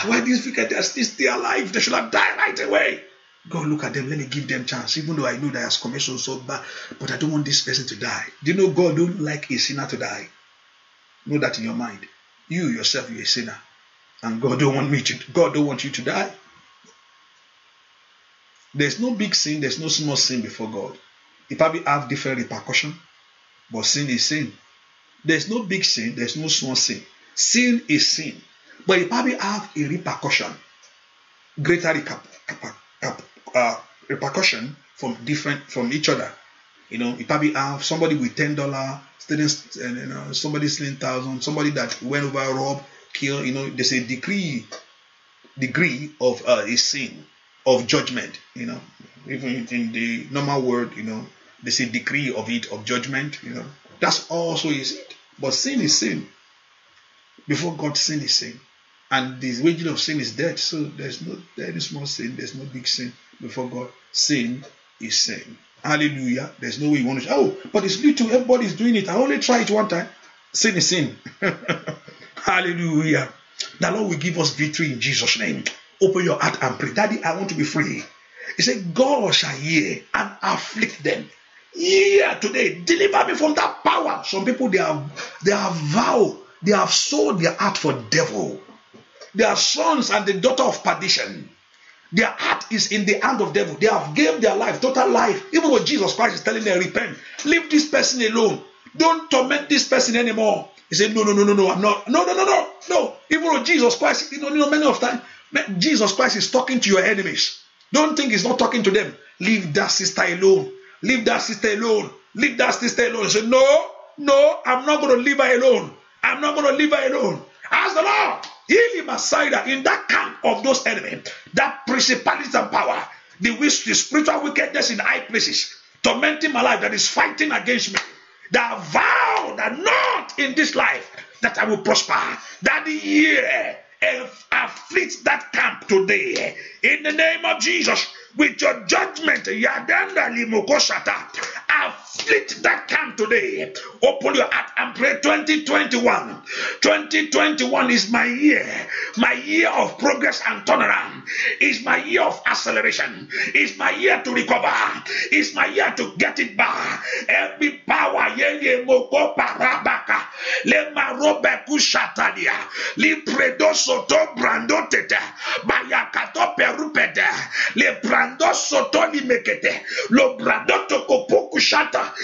Why these wicked they are still, still alive? They should have died right away. God, look at them. Let me give them chance. Even though I know that has commission, so bad, but I don't want this person to die. Do you know God don't like a sinner to die? Know that in your mind. You yourself, you're a sinner. And God don't want me to God don't want you to die. There's no big sin, there's no small sin before God. It probably have different repercussion, but sin is sin. There's no big sin, there's no small sin. Sin is sin, but it probably have a repercussion, greater uh, repercussion from different from each other. You know, it probably have somebody with ten dollar, students, you know, somebody stealing thousand, somebody that went over rob, kill. You know, there's a degree degree of uh, a sin of judgment, you know. Even in the normal world, you know, there's a decree of it of judgment, you know. That's also is it. But sin is sin. Before God, sin is sin. And the wages of sin is death. So there's no there is no sin, there's no big sin before God. Sin is sin. Hallelujah. There's no way you want to oh, but it's little, everybody's doing it. I only tried it one time. Sin is sin. Hallelujah. The Lord will give us victory in Jesus' name. Open your heart and pray. Daddy, I want to be free. He said, God shall hear and afflict them. Yeah, today, deliver me from that power. Some people they have they have vowed, they have sold their heart for devil. They are sons and the daughter of perdition. Their heart is in the hand of devil. They have gave their life, total life. Even though Jesus Christ is telling them, repent, leave this person alone. Don't torment this person anymore. He said, No, no, no, no, no. I'm not. No, no, no, no, no. Even though Jesus Christ, you know, you know many of time, that Jesus Christ is talking to your enemies. Don't think he's not talking to them. Leave that sister alone. Leave that sister alone. Leave that sister alone. Say, no, no, I'm not going to leave her alone. I'm not going to leave her alone. Ask the Lord. Heal him aside in that camp of those enemies, that principalities and power, the, wish, the spiritual wickedness in high places, tormenting my life that is fighting against me, that vow that not in this life that I will prosper, that the year afflict that camp today. In the name of Jesus, with your judgment. Yadanda limokoshata. Afflict that camp today. Open your heart and pray 2021. 2021 is my year. My year of progress and turnaround. Is my year of acceleration. Is my year to recover. Is my year to get it back. Every power yeye moko parabaka. Le marobe kushatalia. Li soto to brandoteta. Bayakato perupeda. Le brando sotoli mekete lo brando tokopoku shata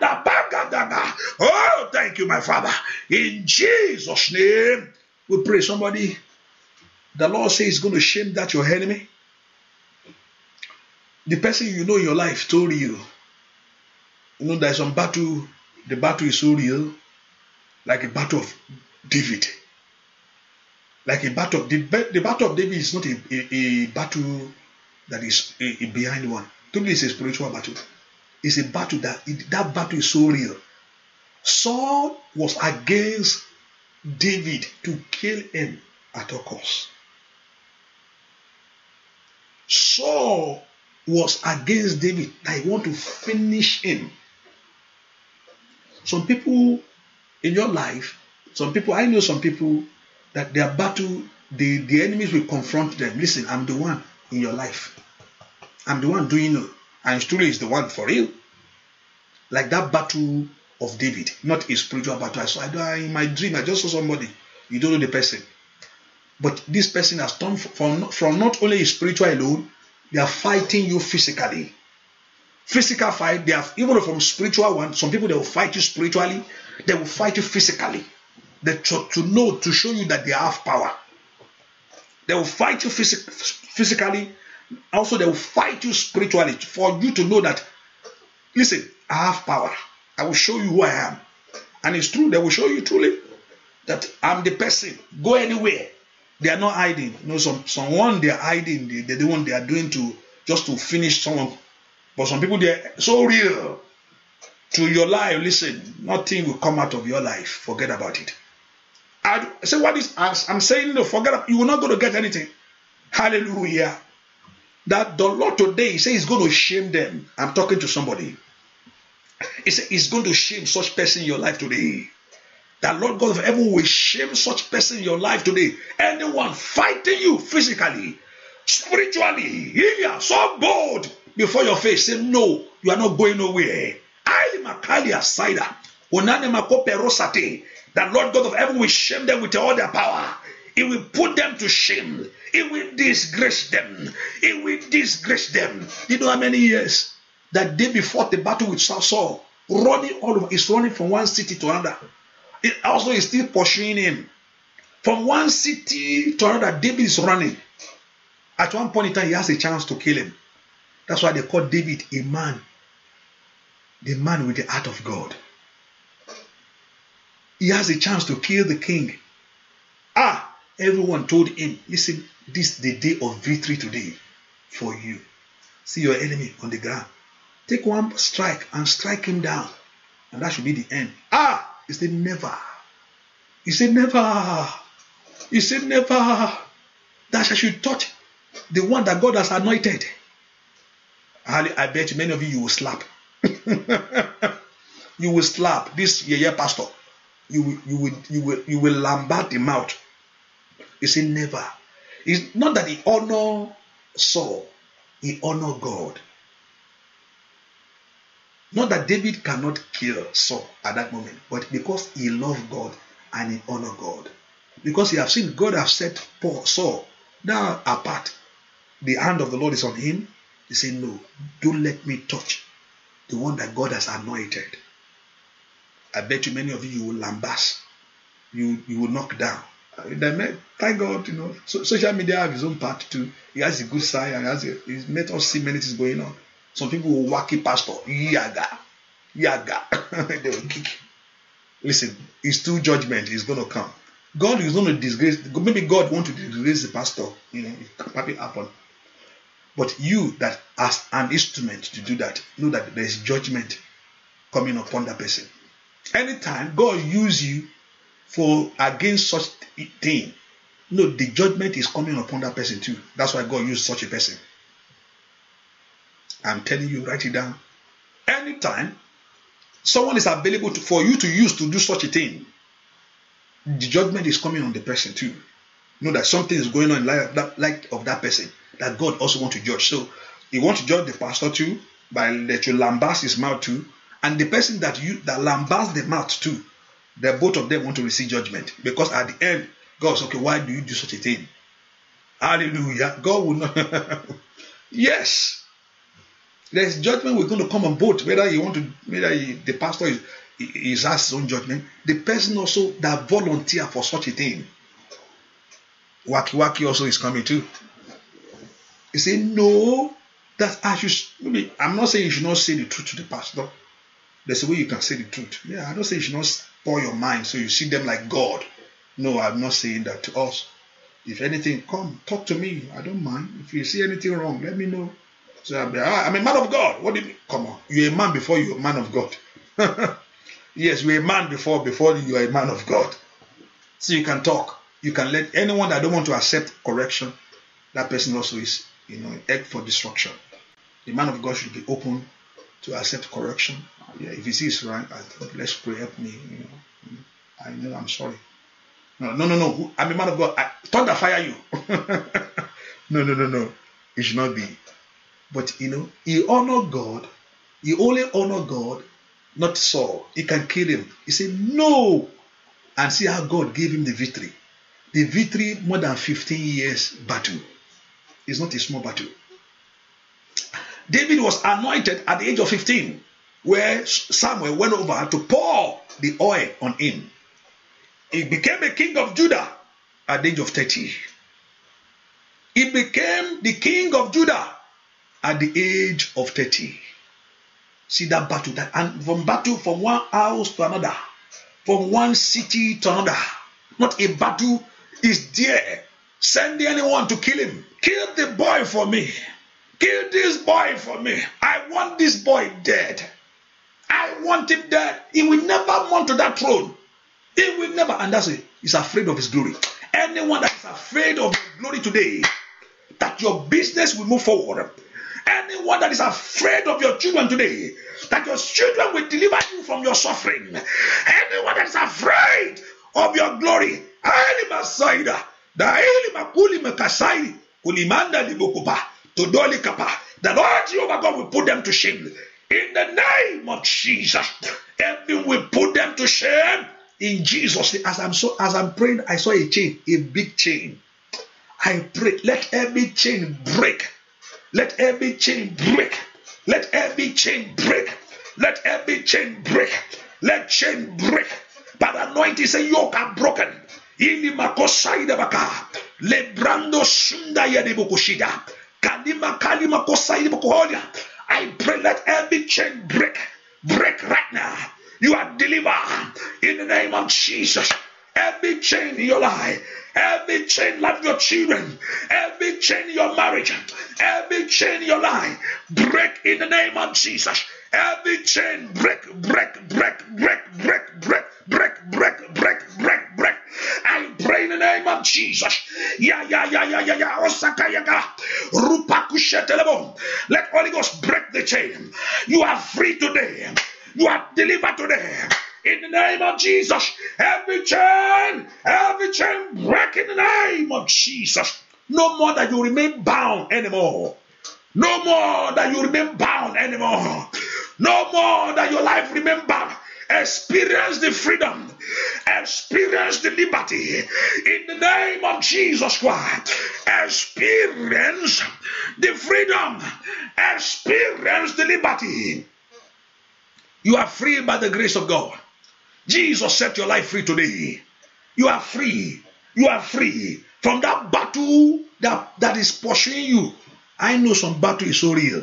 da daga oh thank you my father in jesus name we pray somebody the lord says he's going to shame that your enemy the person you know in your life told you you know there's some battle the battle is so real like a battle of david like a battle the, the battle of david is not a, a, a battle that is behind one. Totally, it's a spiritual battle. It's a battle that that battle is so real. Saul was against David to kill him at all costs. Saul was against David. I want to finish him. Some people in your life, some people, I know some people that their battle, the, the enemies will confront them. Listen, I'm the one in your life. I'm the one doing it, and truly is the one for you. Like that battle of David, not a spiritual battle. I saw I, in my dream, I just saw somebody. You don't know the person. But this person has turned from, from not only spiritual alone, they are fighting you physically. Physical fight, they have even from spiritual one, some people they will fight you spiritually, they will fight you physically. They to, to know to show you that they have power. They will fight you physically physically, also they will fight you spiritually for you to know that, listen, I have power. I will show you who I am. And it's true, they will show you truly that I'm the person. Go anywhere. They are not hiding. You know, some someone they are hiding, they, they, the one they are doing to just to finish someone. But some people they're so real to your life. Listen, nothing will come out of your life. Forget about it. I say what is I'm saying, no, forget you will not go to get anything. Hallelujah. That the Lord today he says he's going to shame them. I'm talking to somebody. He says he's going to shame such person in your life today. That Lord God of heaven will shame such person in your life today. Anyone fighting you physically, spiritually, if you so bold before your face, say no, you are not going nowhere. I Makalia Sida. That Lord God of heaven will shame them with all their power. He will put them to shame. He will disgrace them. He will disgrace them. You know how many years? That day before the battle with Saul, running all over, he's running from one city to another. It also is still pursuing him. From one city to another, David is running. At one point in time, he has a chance to kill him. That's why they call David a man, the man with the heart of God. He has a chance to kill the king. Ah, Everyone told him, Listen, this is the day of victory today for you. See your enemy on the ground. Take one strike and strike him down. And that should be the end. Ah! He said, Never. He said, Never. He said, Never. That I should touch the one that God has anointed. I, I bet many of you, you will slap. you will slap this year pastor. You will, you will, you will, you will lambat the mouth. He said, Never. It's not that he honor Saul, he honor God. Not that David cannot kill Saul at that moment, but because he loved God and he honor God. Because he have seen God have set Saul now apart. The hand of the Lord is on him. He said, No, don't let me touch the one that God has anointed. I bet you many of you, you will lambast, you, you will knock down, Thank God, you know, so, social media have its own part too. It has a good side and it, has a, it makes us see many things going on. Some people will a pastor, yaga, yaga. they will kick. Listen, it's too judgment is going to come. God is going to disgrace. Maybe God want to disgrace the pastor. You know, it can probably happen. But you that as an instrument to do that, know that there is judgment coming upon that person. Anytime God use you for against such thing. No, the judgment is coming upon that person too. That's why God used such a person. I'm telling you, write it down. Anytime someone is available to, for you to use to do such a thing, the judgment is coming on the person too. Know that something is going on in life, that, life of that person that God also want to judge. So he want to judge the pastor too by that you lambast his mouth too, and the person that you that lambast the mouth too that both of them want to receive judgment because at the end, God says, okay, why do you do such a thing? Hallelujah. God will not. yes. There's judgment we're going to come on both, whether you want to, whether the pastor is, is has his own judgment, the person also that volunteer for such a thing. Waki Waki also is coming too. He said, No, that I should maybe I'm not saying you should not say the truth to the pastor. There's a way you can say the truth. Yeah, I don't say you should not pour your mind so you see them like God. No, I'm not saying that to us. If anything, come talk to me. I don't mind. If you see anything wrong, let me know. So I'll be, ah, I'm a man of God. What do you mean? Come on, you're a man before you're a man of God. yes, you're a man before before you are a man of God. So you can talk. You can let anyone that don't want to accept correction, that person also is, you know, egg for destruction. The man of God should be open to accept correction. Yeah, if it is right, God, let's pray, help me. You know, I know I'm sorry. No, no, no, no. I'm a man of God. I thought thunder fire you. no, no, no, no. It should not be. But you know, he honored God. He only honored God, not Saul. He can kill him. He said no, and see how God gave him the victory. The victory more than 15 years battle. It's not a small battle. David was anointed at the age of 15, where Samuel went over to pour the oil on him. He became a king of Judah at the age of 30. He became the king of Judah at the age of 30. See that battle, that, and from battle from one house to another, from one city to another. Not a battle is there. Send anyone to kill him. Kill the boy for me. Kill this boy for me. I want this boy dead. I want him dead. He will never mount to that throne. He will never. And that's it. He's afraid of his glory. Anyone that is afraid of your glory today, that your business will move forward. Anyone that is afraid of your children today, that your children will deliver you from your suffering. Anyone that is afraid of your glory, Eli Masaida, Daeli Makuli Makasaidi, Kulimanda Libokuba to doli kapa. The Lord Jehovah God will put them to shame. In the name of Jesus, Every will put them to shame. In Jesus, as I'm so as I'm praying, I saw a chain, a big chain. I pray, let every chain break. Let every chain break. Let every chain break. Let every chain break. Let chain break. But anointing say yoke are broken. Ili makosa idabaka. Lebrando sunda yadibukushida. Kalima kalima kosaidi bokohodia. I pray let every chain break, break right now. You are delivered in the name of Jesus. Every chain in your life, every chain like your children, every chain in your marriage, every chain in your life, break in the name of Jesus. Every chain break, break, break, break, break, break, break, break, break, break. break. I pray in the name of Jesus. Yeah, yeah, yeah, yeah, yeah, yeah. Osakayaga. Rupakushetelebo. Let Holy Ghost break the chain. You are free today. You are delivered today. In the name of Jesus. Every chain, every chain break in the name of Jesus. No more that you remain bound anymore. No more that you remain bound anymore. No more that your life remain bound. Experience the freedom. Experience the liberty. In the name of Jesus Christ. Experience the freedom. Experience the liberty. You are free by the grace of God. Jesus set your life free today. You are free. You are free from that battle that, that is pursuing you. I know some battle is so real.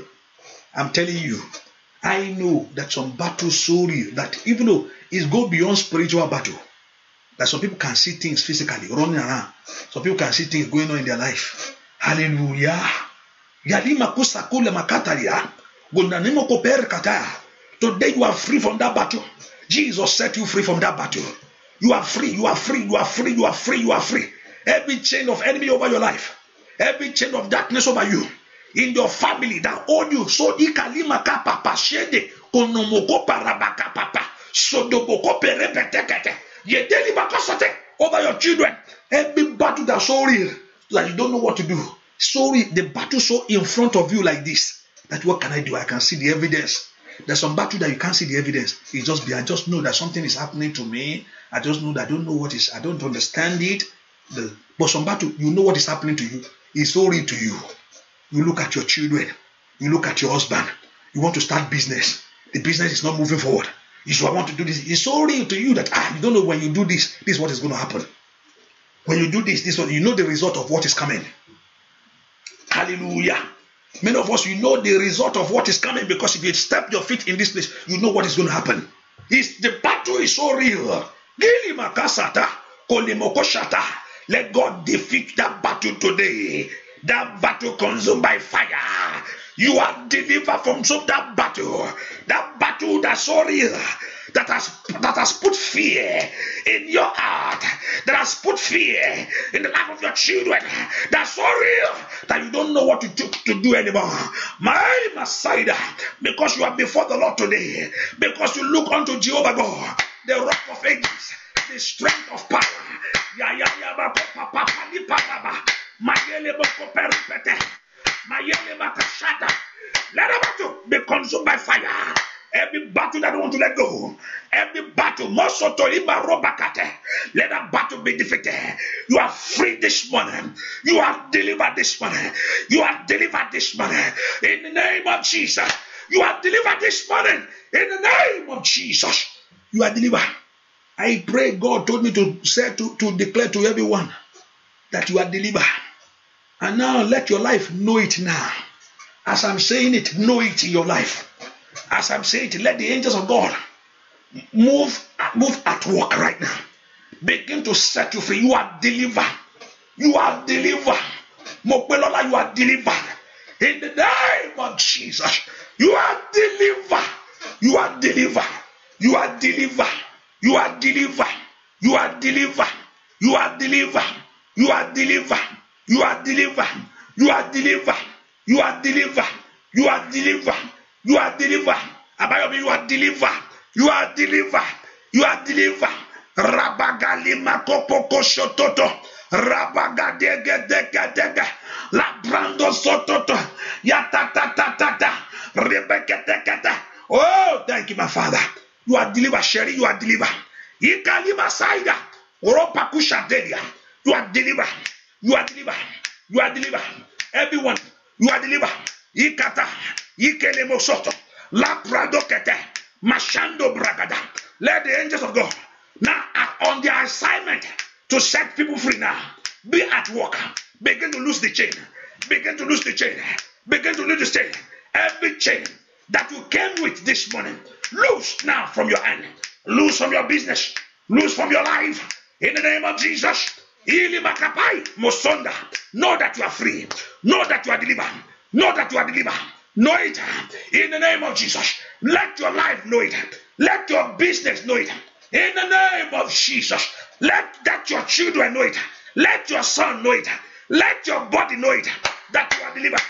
I'm telling you. I know that some battles so real that even though it's go beyond spiritual battle, that some people can see things physically running around. Some people can see things going on in their life. Hallelujah. Today you are free from that battle. Jesus set you free from that battle. You are free, you are free, you are free, you are free, you are free. Every chain of enemy over your life, every chain of darkness over you, in your family that hold you. So ikalima kapa pashede konomoko parabaka papa sodoboko perepetekete yedeli bakosate over your children. Every battle that's so real that you don't know what to do. Sorry, the battle so in front of you like this that what can I do? I can see the evidence. There's some battle that you can't see the evidence. It's just be I just know that something is happening to me. I just know that I don't know what is. I don't understand it. The, but some battle you know what is happening to you. It's so real to you. You look at your children. You look at your husband. You want to start business. The business is not moving forward. You I want to do this. It's so real to you that ah, you don't know when you do this, this is what is going to happen. When you do this, this one, you know the result of what is coming. Hallelujah. Many of us, you know the result of what is coming because if you step your feet in this place, you know what is going to happen. It's, the battle is so real. Let God defeat that battle today that battle consumed by fire. You are delivered from some that battle, that battle that's so real, that has that has put fear in your heart, that has put fear in the life of your children, that's so real that you don't know what to do, to do anymore. My Messiah, because you are before the Lord today, because you look unto Jehovah God, the rock of ages, the strength of power. Mayele boko peripete. Mayele matashada. Let a battle be consumed by fire. Every battle that I want to let go, every battle, Mosoto Ibarobakate, let that battle be defeated. You are free this morning. You are delivered this morning. You are delivered this morning. In the name of Jesus. You are delivered this morning. In the name of Jesus. You are delivered. I pray God told me to say to, to declare to everyone that you are delivered. And now let your life know it now. As I'm saying it, know it in your life. As I'm saying it, let the angels of God move, move at work right now. Begin to set you free. You are delivered. You are delivered. Mopelola, you are delivered. In the name of Jesus, you are delivered. You are delivered. You are delivered. You are delivered. You are delivered. You are delivered. You are deliver. You are deliver. You are deliver. You are deliver. You are deliver. You are deliver. Abayomi, you are deliver. You are deliver. You are delivered. Rabagalima kopoko shototo. Rabagadegedegedege. La brando sototo. Yatatatatata. Rebekedegede. Oh, thank you, my father. You are deliver, Sherry. You are deliver. Ikalima saida. Oropakusha delia. You are delivered. You are delivered. You are delivered. Everyone, you are delivered. Ikata, ikelemo soto, la kete, mashando bragada. Let the angels of God now are on their assignment to set people free now. Be at work. Begin to lose the chain. Begin to lose the chain. Begin to lose the chain. Every chain that you came with this morning, loose now from your hand. Loose from your business. Loose from your life. In the name of Jesus. Ilimakai Mosonda. Know that you are free. Know that you are delivered. Know that you are delivered. Know it in the name of Jesus. Let your life know it. Let your business know it. In the name of Jesus. Let that your children know it. Let your son know it. Let your body know it that you are delivered.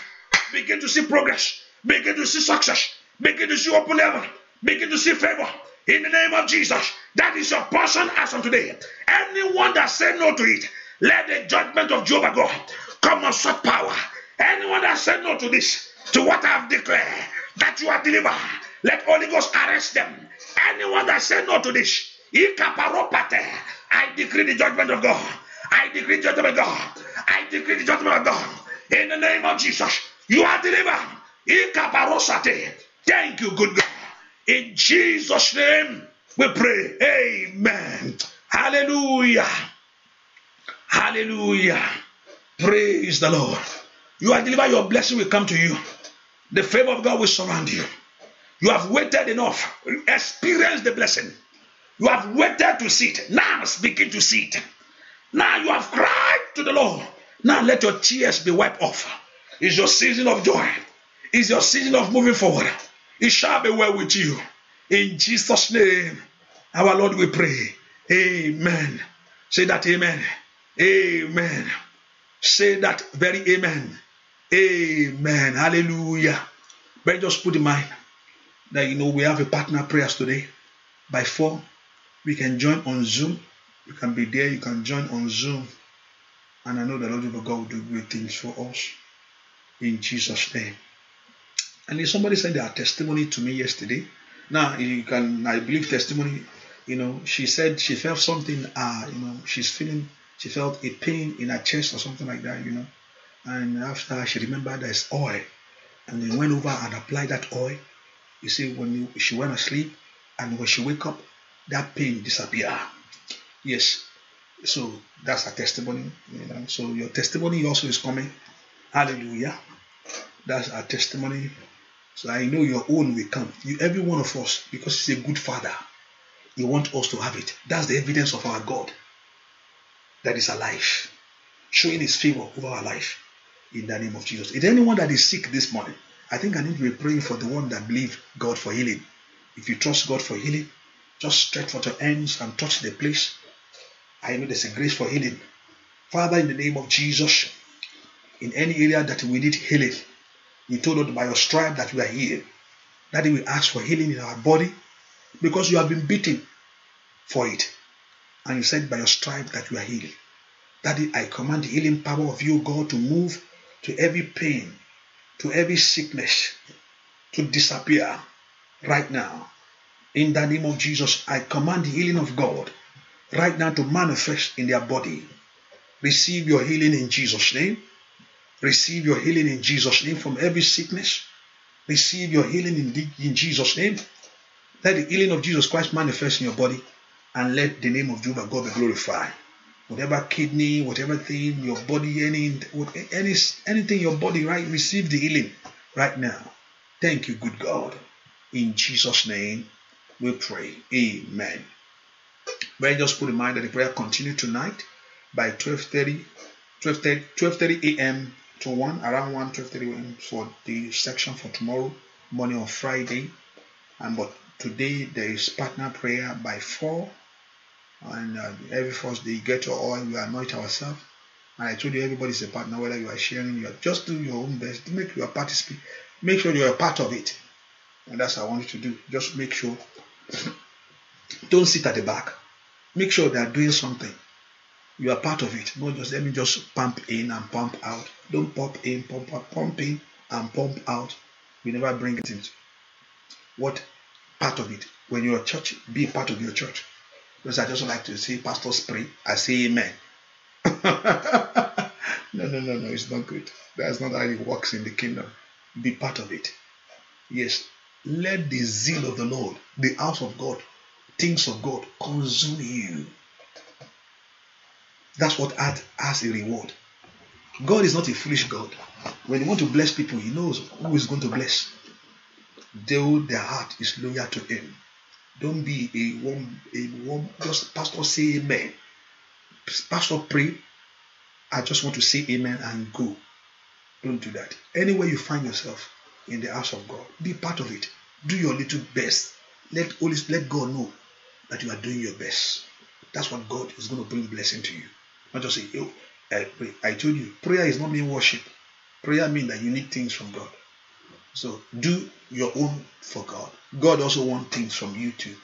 Begin to see progress. Begin to see success. Begin to see open heaven. Begin to see favor. In the name of Jesus, that is your portion as of today. Anyone that said no to it, let the judgment of Jehovah God come on such power. Anyone that said no to this, to what I have declared, that you are delivered, let Holy Ghost arrest them. Anyone that said no to this, I decree the judgment of God. I decree the judgment of God. I decree the judgment of God. In the name of Jesus, you are delivered. Thank you, good God. In Jesus' name, we pray. Amen. Hallelujah. Hallelujah. Praise the Lord. You are delivered, your blessing will come to you. The favor of God will surround you. You have waited enough. Experience the blessing. You have waited to see it. Now begin to see it. Now you have cried to the Lord. Now let your tears be wiped off. It's your season of joy. It's your season of moving forward. It shall be well with you. In Jesus' name, our Lord, we pray. Amen. Say that amen. Amen. Say that very amen. Amen. Hallelujah. But just put in mind that you know we have a partner prayers today. By four, we can join on Zoom. You can be there, you can join on Zoom. And I know the Lord of God will do great things for us. In Jesus' name. And somebody sent their testimony to me yesterday. Now you can, I believe, testimony. You know, she said she felt something. Ah, uh, you know, she's feeling. She felt a pain in her chest or something like that. You know, and after she remembered there's oil, and then went over and applied that oil. You see, when she went to sleep, and when she wake up, that pain disappear. Yes, so that's a testimony. You know, so your testimony also is coming. Hallelujah. That's a testimony so I know your own will come. You, every one of us, because He's a good Father, He wants us to have it. That's the evidence of our God that is alive, showing His favor over our life in the name of Jesus. Is there anyone that is sick this morning? I think I need to be praying for the one that believe God for healing. If you trust God for healing, just stretch out your hands and touch the place. I know there's a grace for healing. Father, in the name of Jesus, in any area that we need healing, he told us by your stripe that we are healed. That we ask for healing in our body because you have been beaten for it. And you said by your stripe that you are healed. Daddy, I command the healing power of you, God, to move to every pain, to every sickness, to disappear right now. In the name of Jesus, I command the healing of God right now to manifest in their body. Receive your healing in Jesus' name. Receive your healing in Jesus' name from every sickness. Receive your healing in, in Jesus' name. Let the healing of Jesus Christ manifest in your body and let the name of Jehovah God be glorified. Whatever kidney, whatever thing, your body, any, any anything your body, right? Receive the healing right now. Thank you, good God. In Jesus' name we pray. Amen. I just put in mind that the prayer continue tonight by 12:30 12:30 a.m to 1 around 1 12 for the section for tomorrow morning or Friday. And but today there is partner prayer by 4. And uh, every first day, get your oil, we anoint ourselves. And I told you everybody's a partner, whether you are sharing, you are just doing your own best. Make you a participate, make sure you are a part of it. And that's what I want you to do. Just make sure. Don't sit at the back. Make sure they are doing something. You are part of it. Not just let me just pump in and pump out. Don't pump in, pump out, pump in, and pump out. We never bring it in. What part of it? When you're a church, be part of your church. Because I just like to see pastors pray. I say amen. no, no, no, no, it's not good. That's not how it works in the kingdom. Be part of it. Yes. Let the zeal of the Lord, the house of God, things of God consume you. That's what art as a reward. God is not a foolish God. When He want to bless people, He knows who is going to bless. Though their heart is loyal to Him. Don't be a warm, a warm. Just pastor say amen. Pastor pray. I just want to say amen and go. Don't do that. Anywhere you find yourself in the house of God, be part of it. Do your little best. Let Holy, let God know that you are doing your best. That's what God is going to bring blessing to you. Not just say, oh, I I told you, prayer is not mean worship. Prayer means that you need things from God. So do your own for God. God also wants things from you too.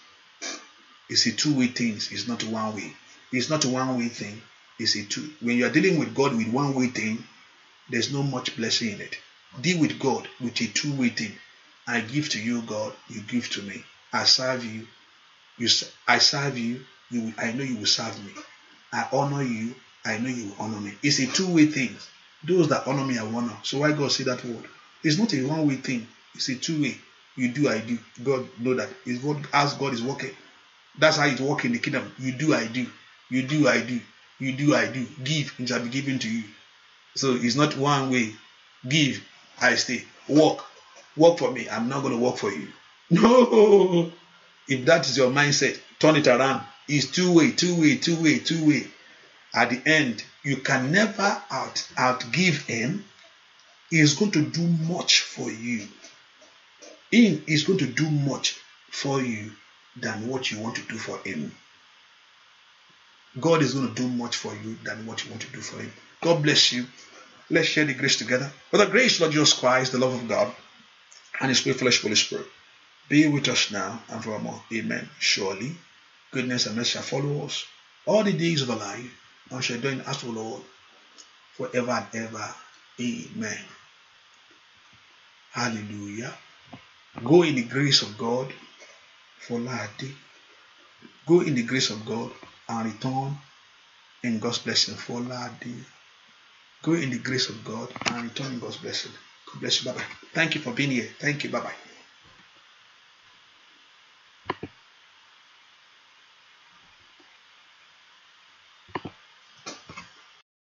It's a two-way thing. It's not one way. It's not one way thing. It's a two. When you are dealing with God with one way thing, there's no much blessing in it. Deal with God with a two-way thing. I give to you, God. You give to me. I serve you. You. I serve you. You. I know you will serve me. I honor you. I know you will honor me. It's a two-way thing. Those that honor me, I honor. So why God say that word? It's not a one-way thing. It's a two-way. You do, I do. God know that. It's what as God is working. That's how it working in the kingdom. You do, I do. You do, I do. You do, I do. Give, and shall be given to you. So it's not one way. Give, I stay. Work, work for me. I'm not going to work for you. No. If that is your mindset, turn it around. It's two way, two way, two way, two way. at the end you can never out outgive him he is going to do much for you he is going to do much for you than what you want to do for him god is going to do much for you than what you want to do for him god bless you let's share the grace together For the grace of jesus christ the love of god and his spirit flesh holy spirit be with us now and forevermore amen surely goodness and mercy shall follow us all the days of our life wọn hyɛ dan the Lord forever and ever amen hallelujah go in the grace of god for laade go in the grace of god and return in god's blessing for laade go in the grace of god and return in god's blessing god bless you bye bye thank you for being here thank you bye bye.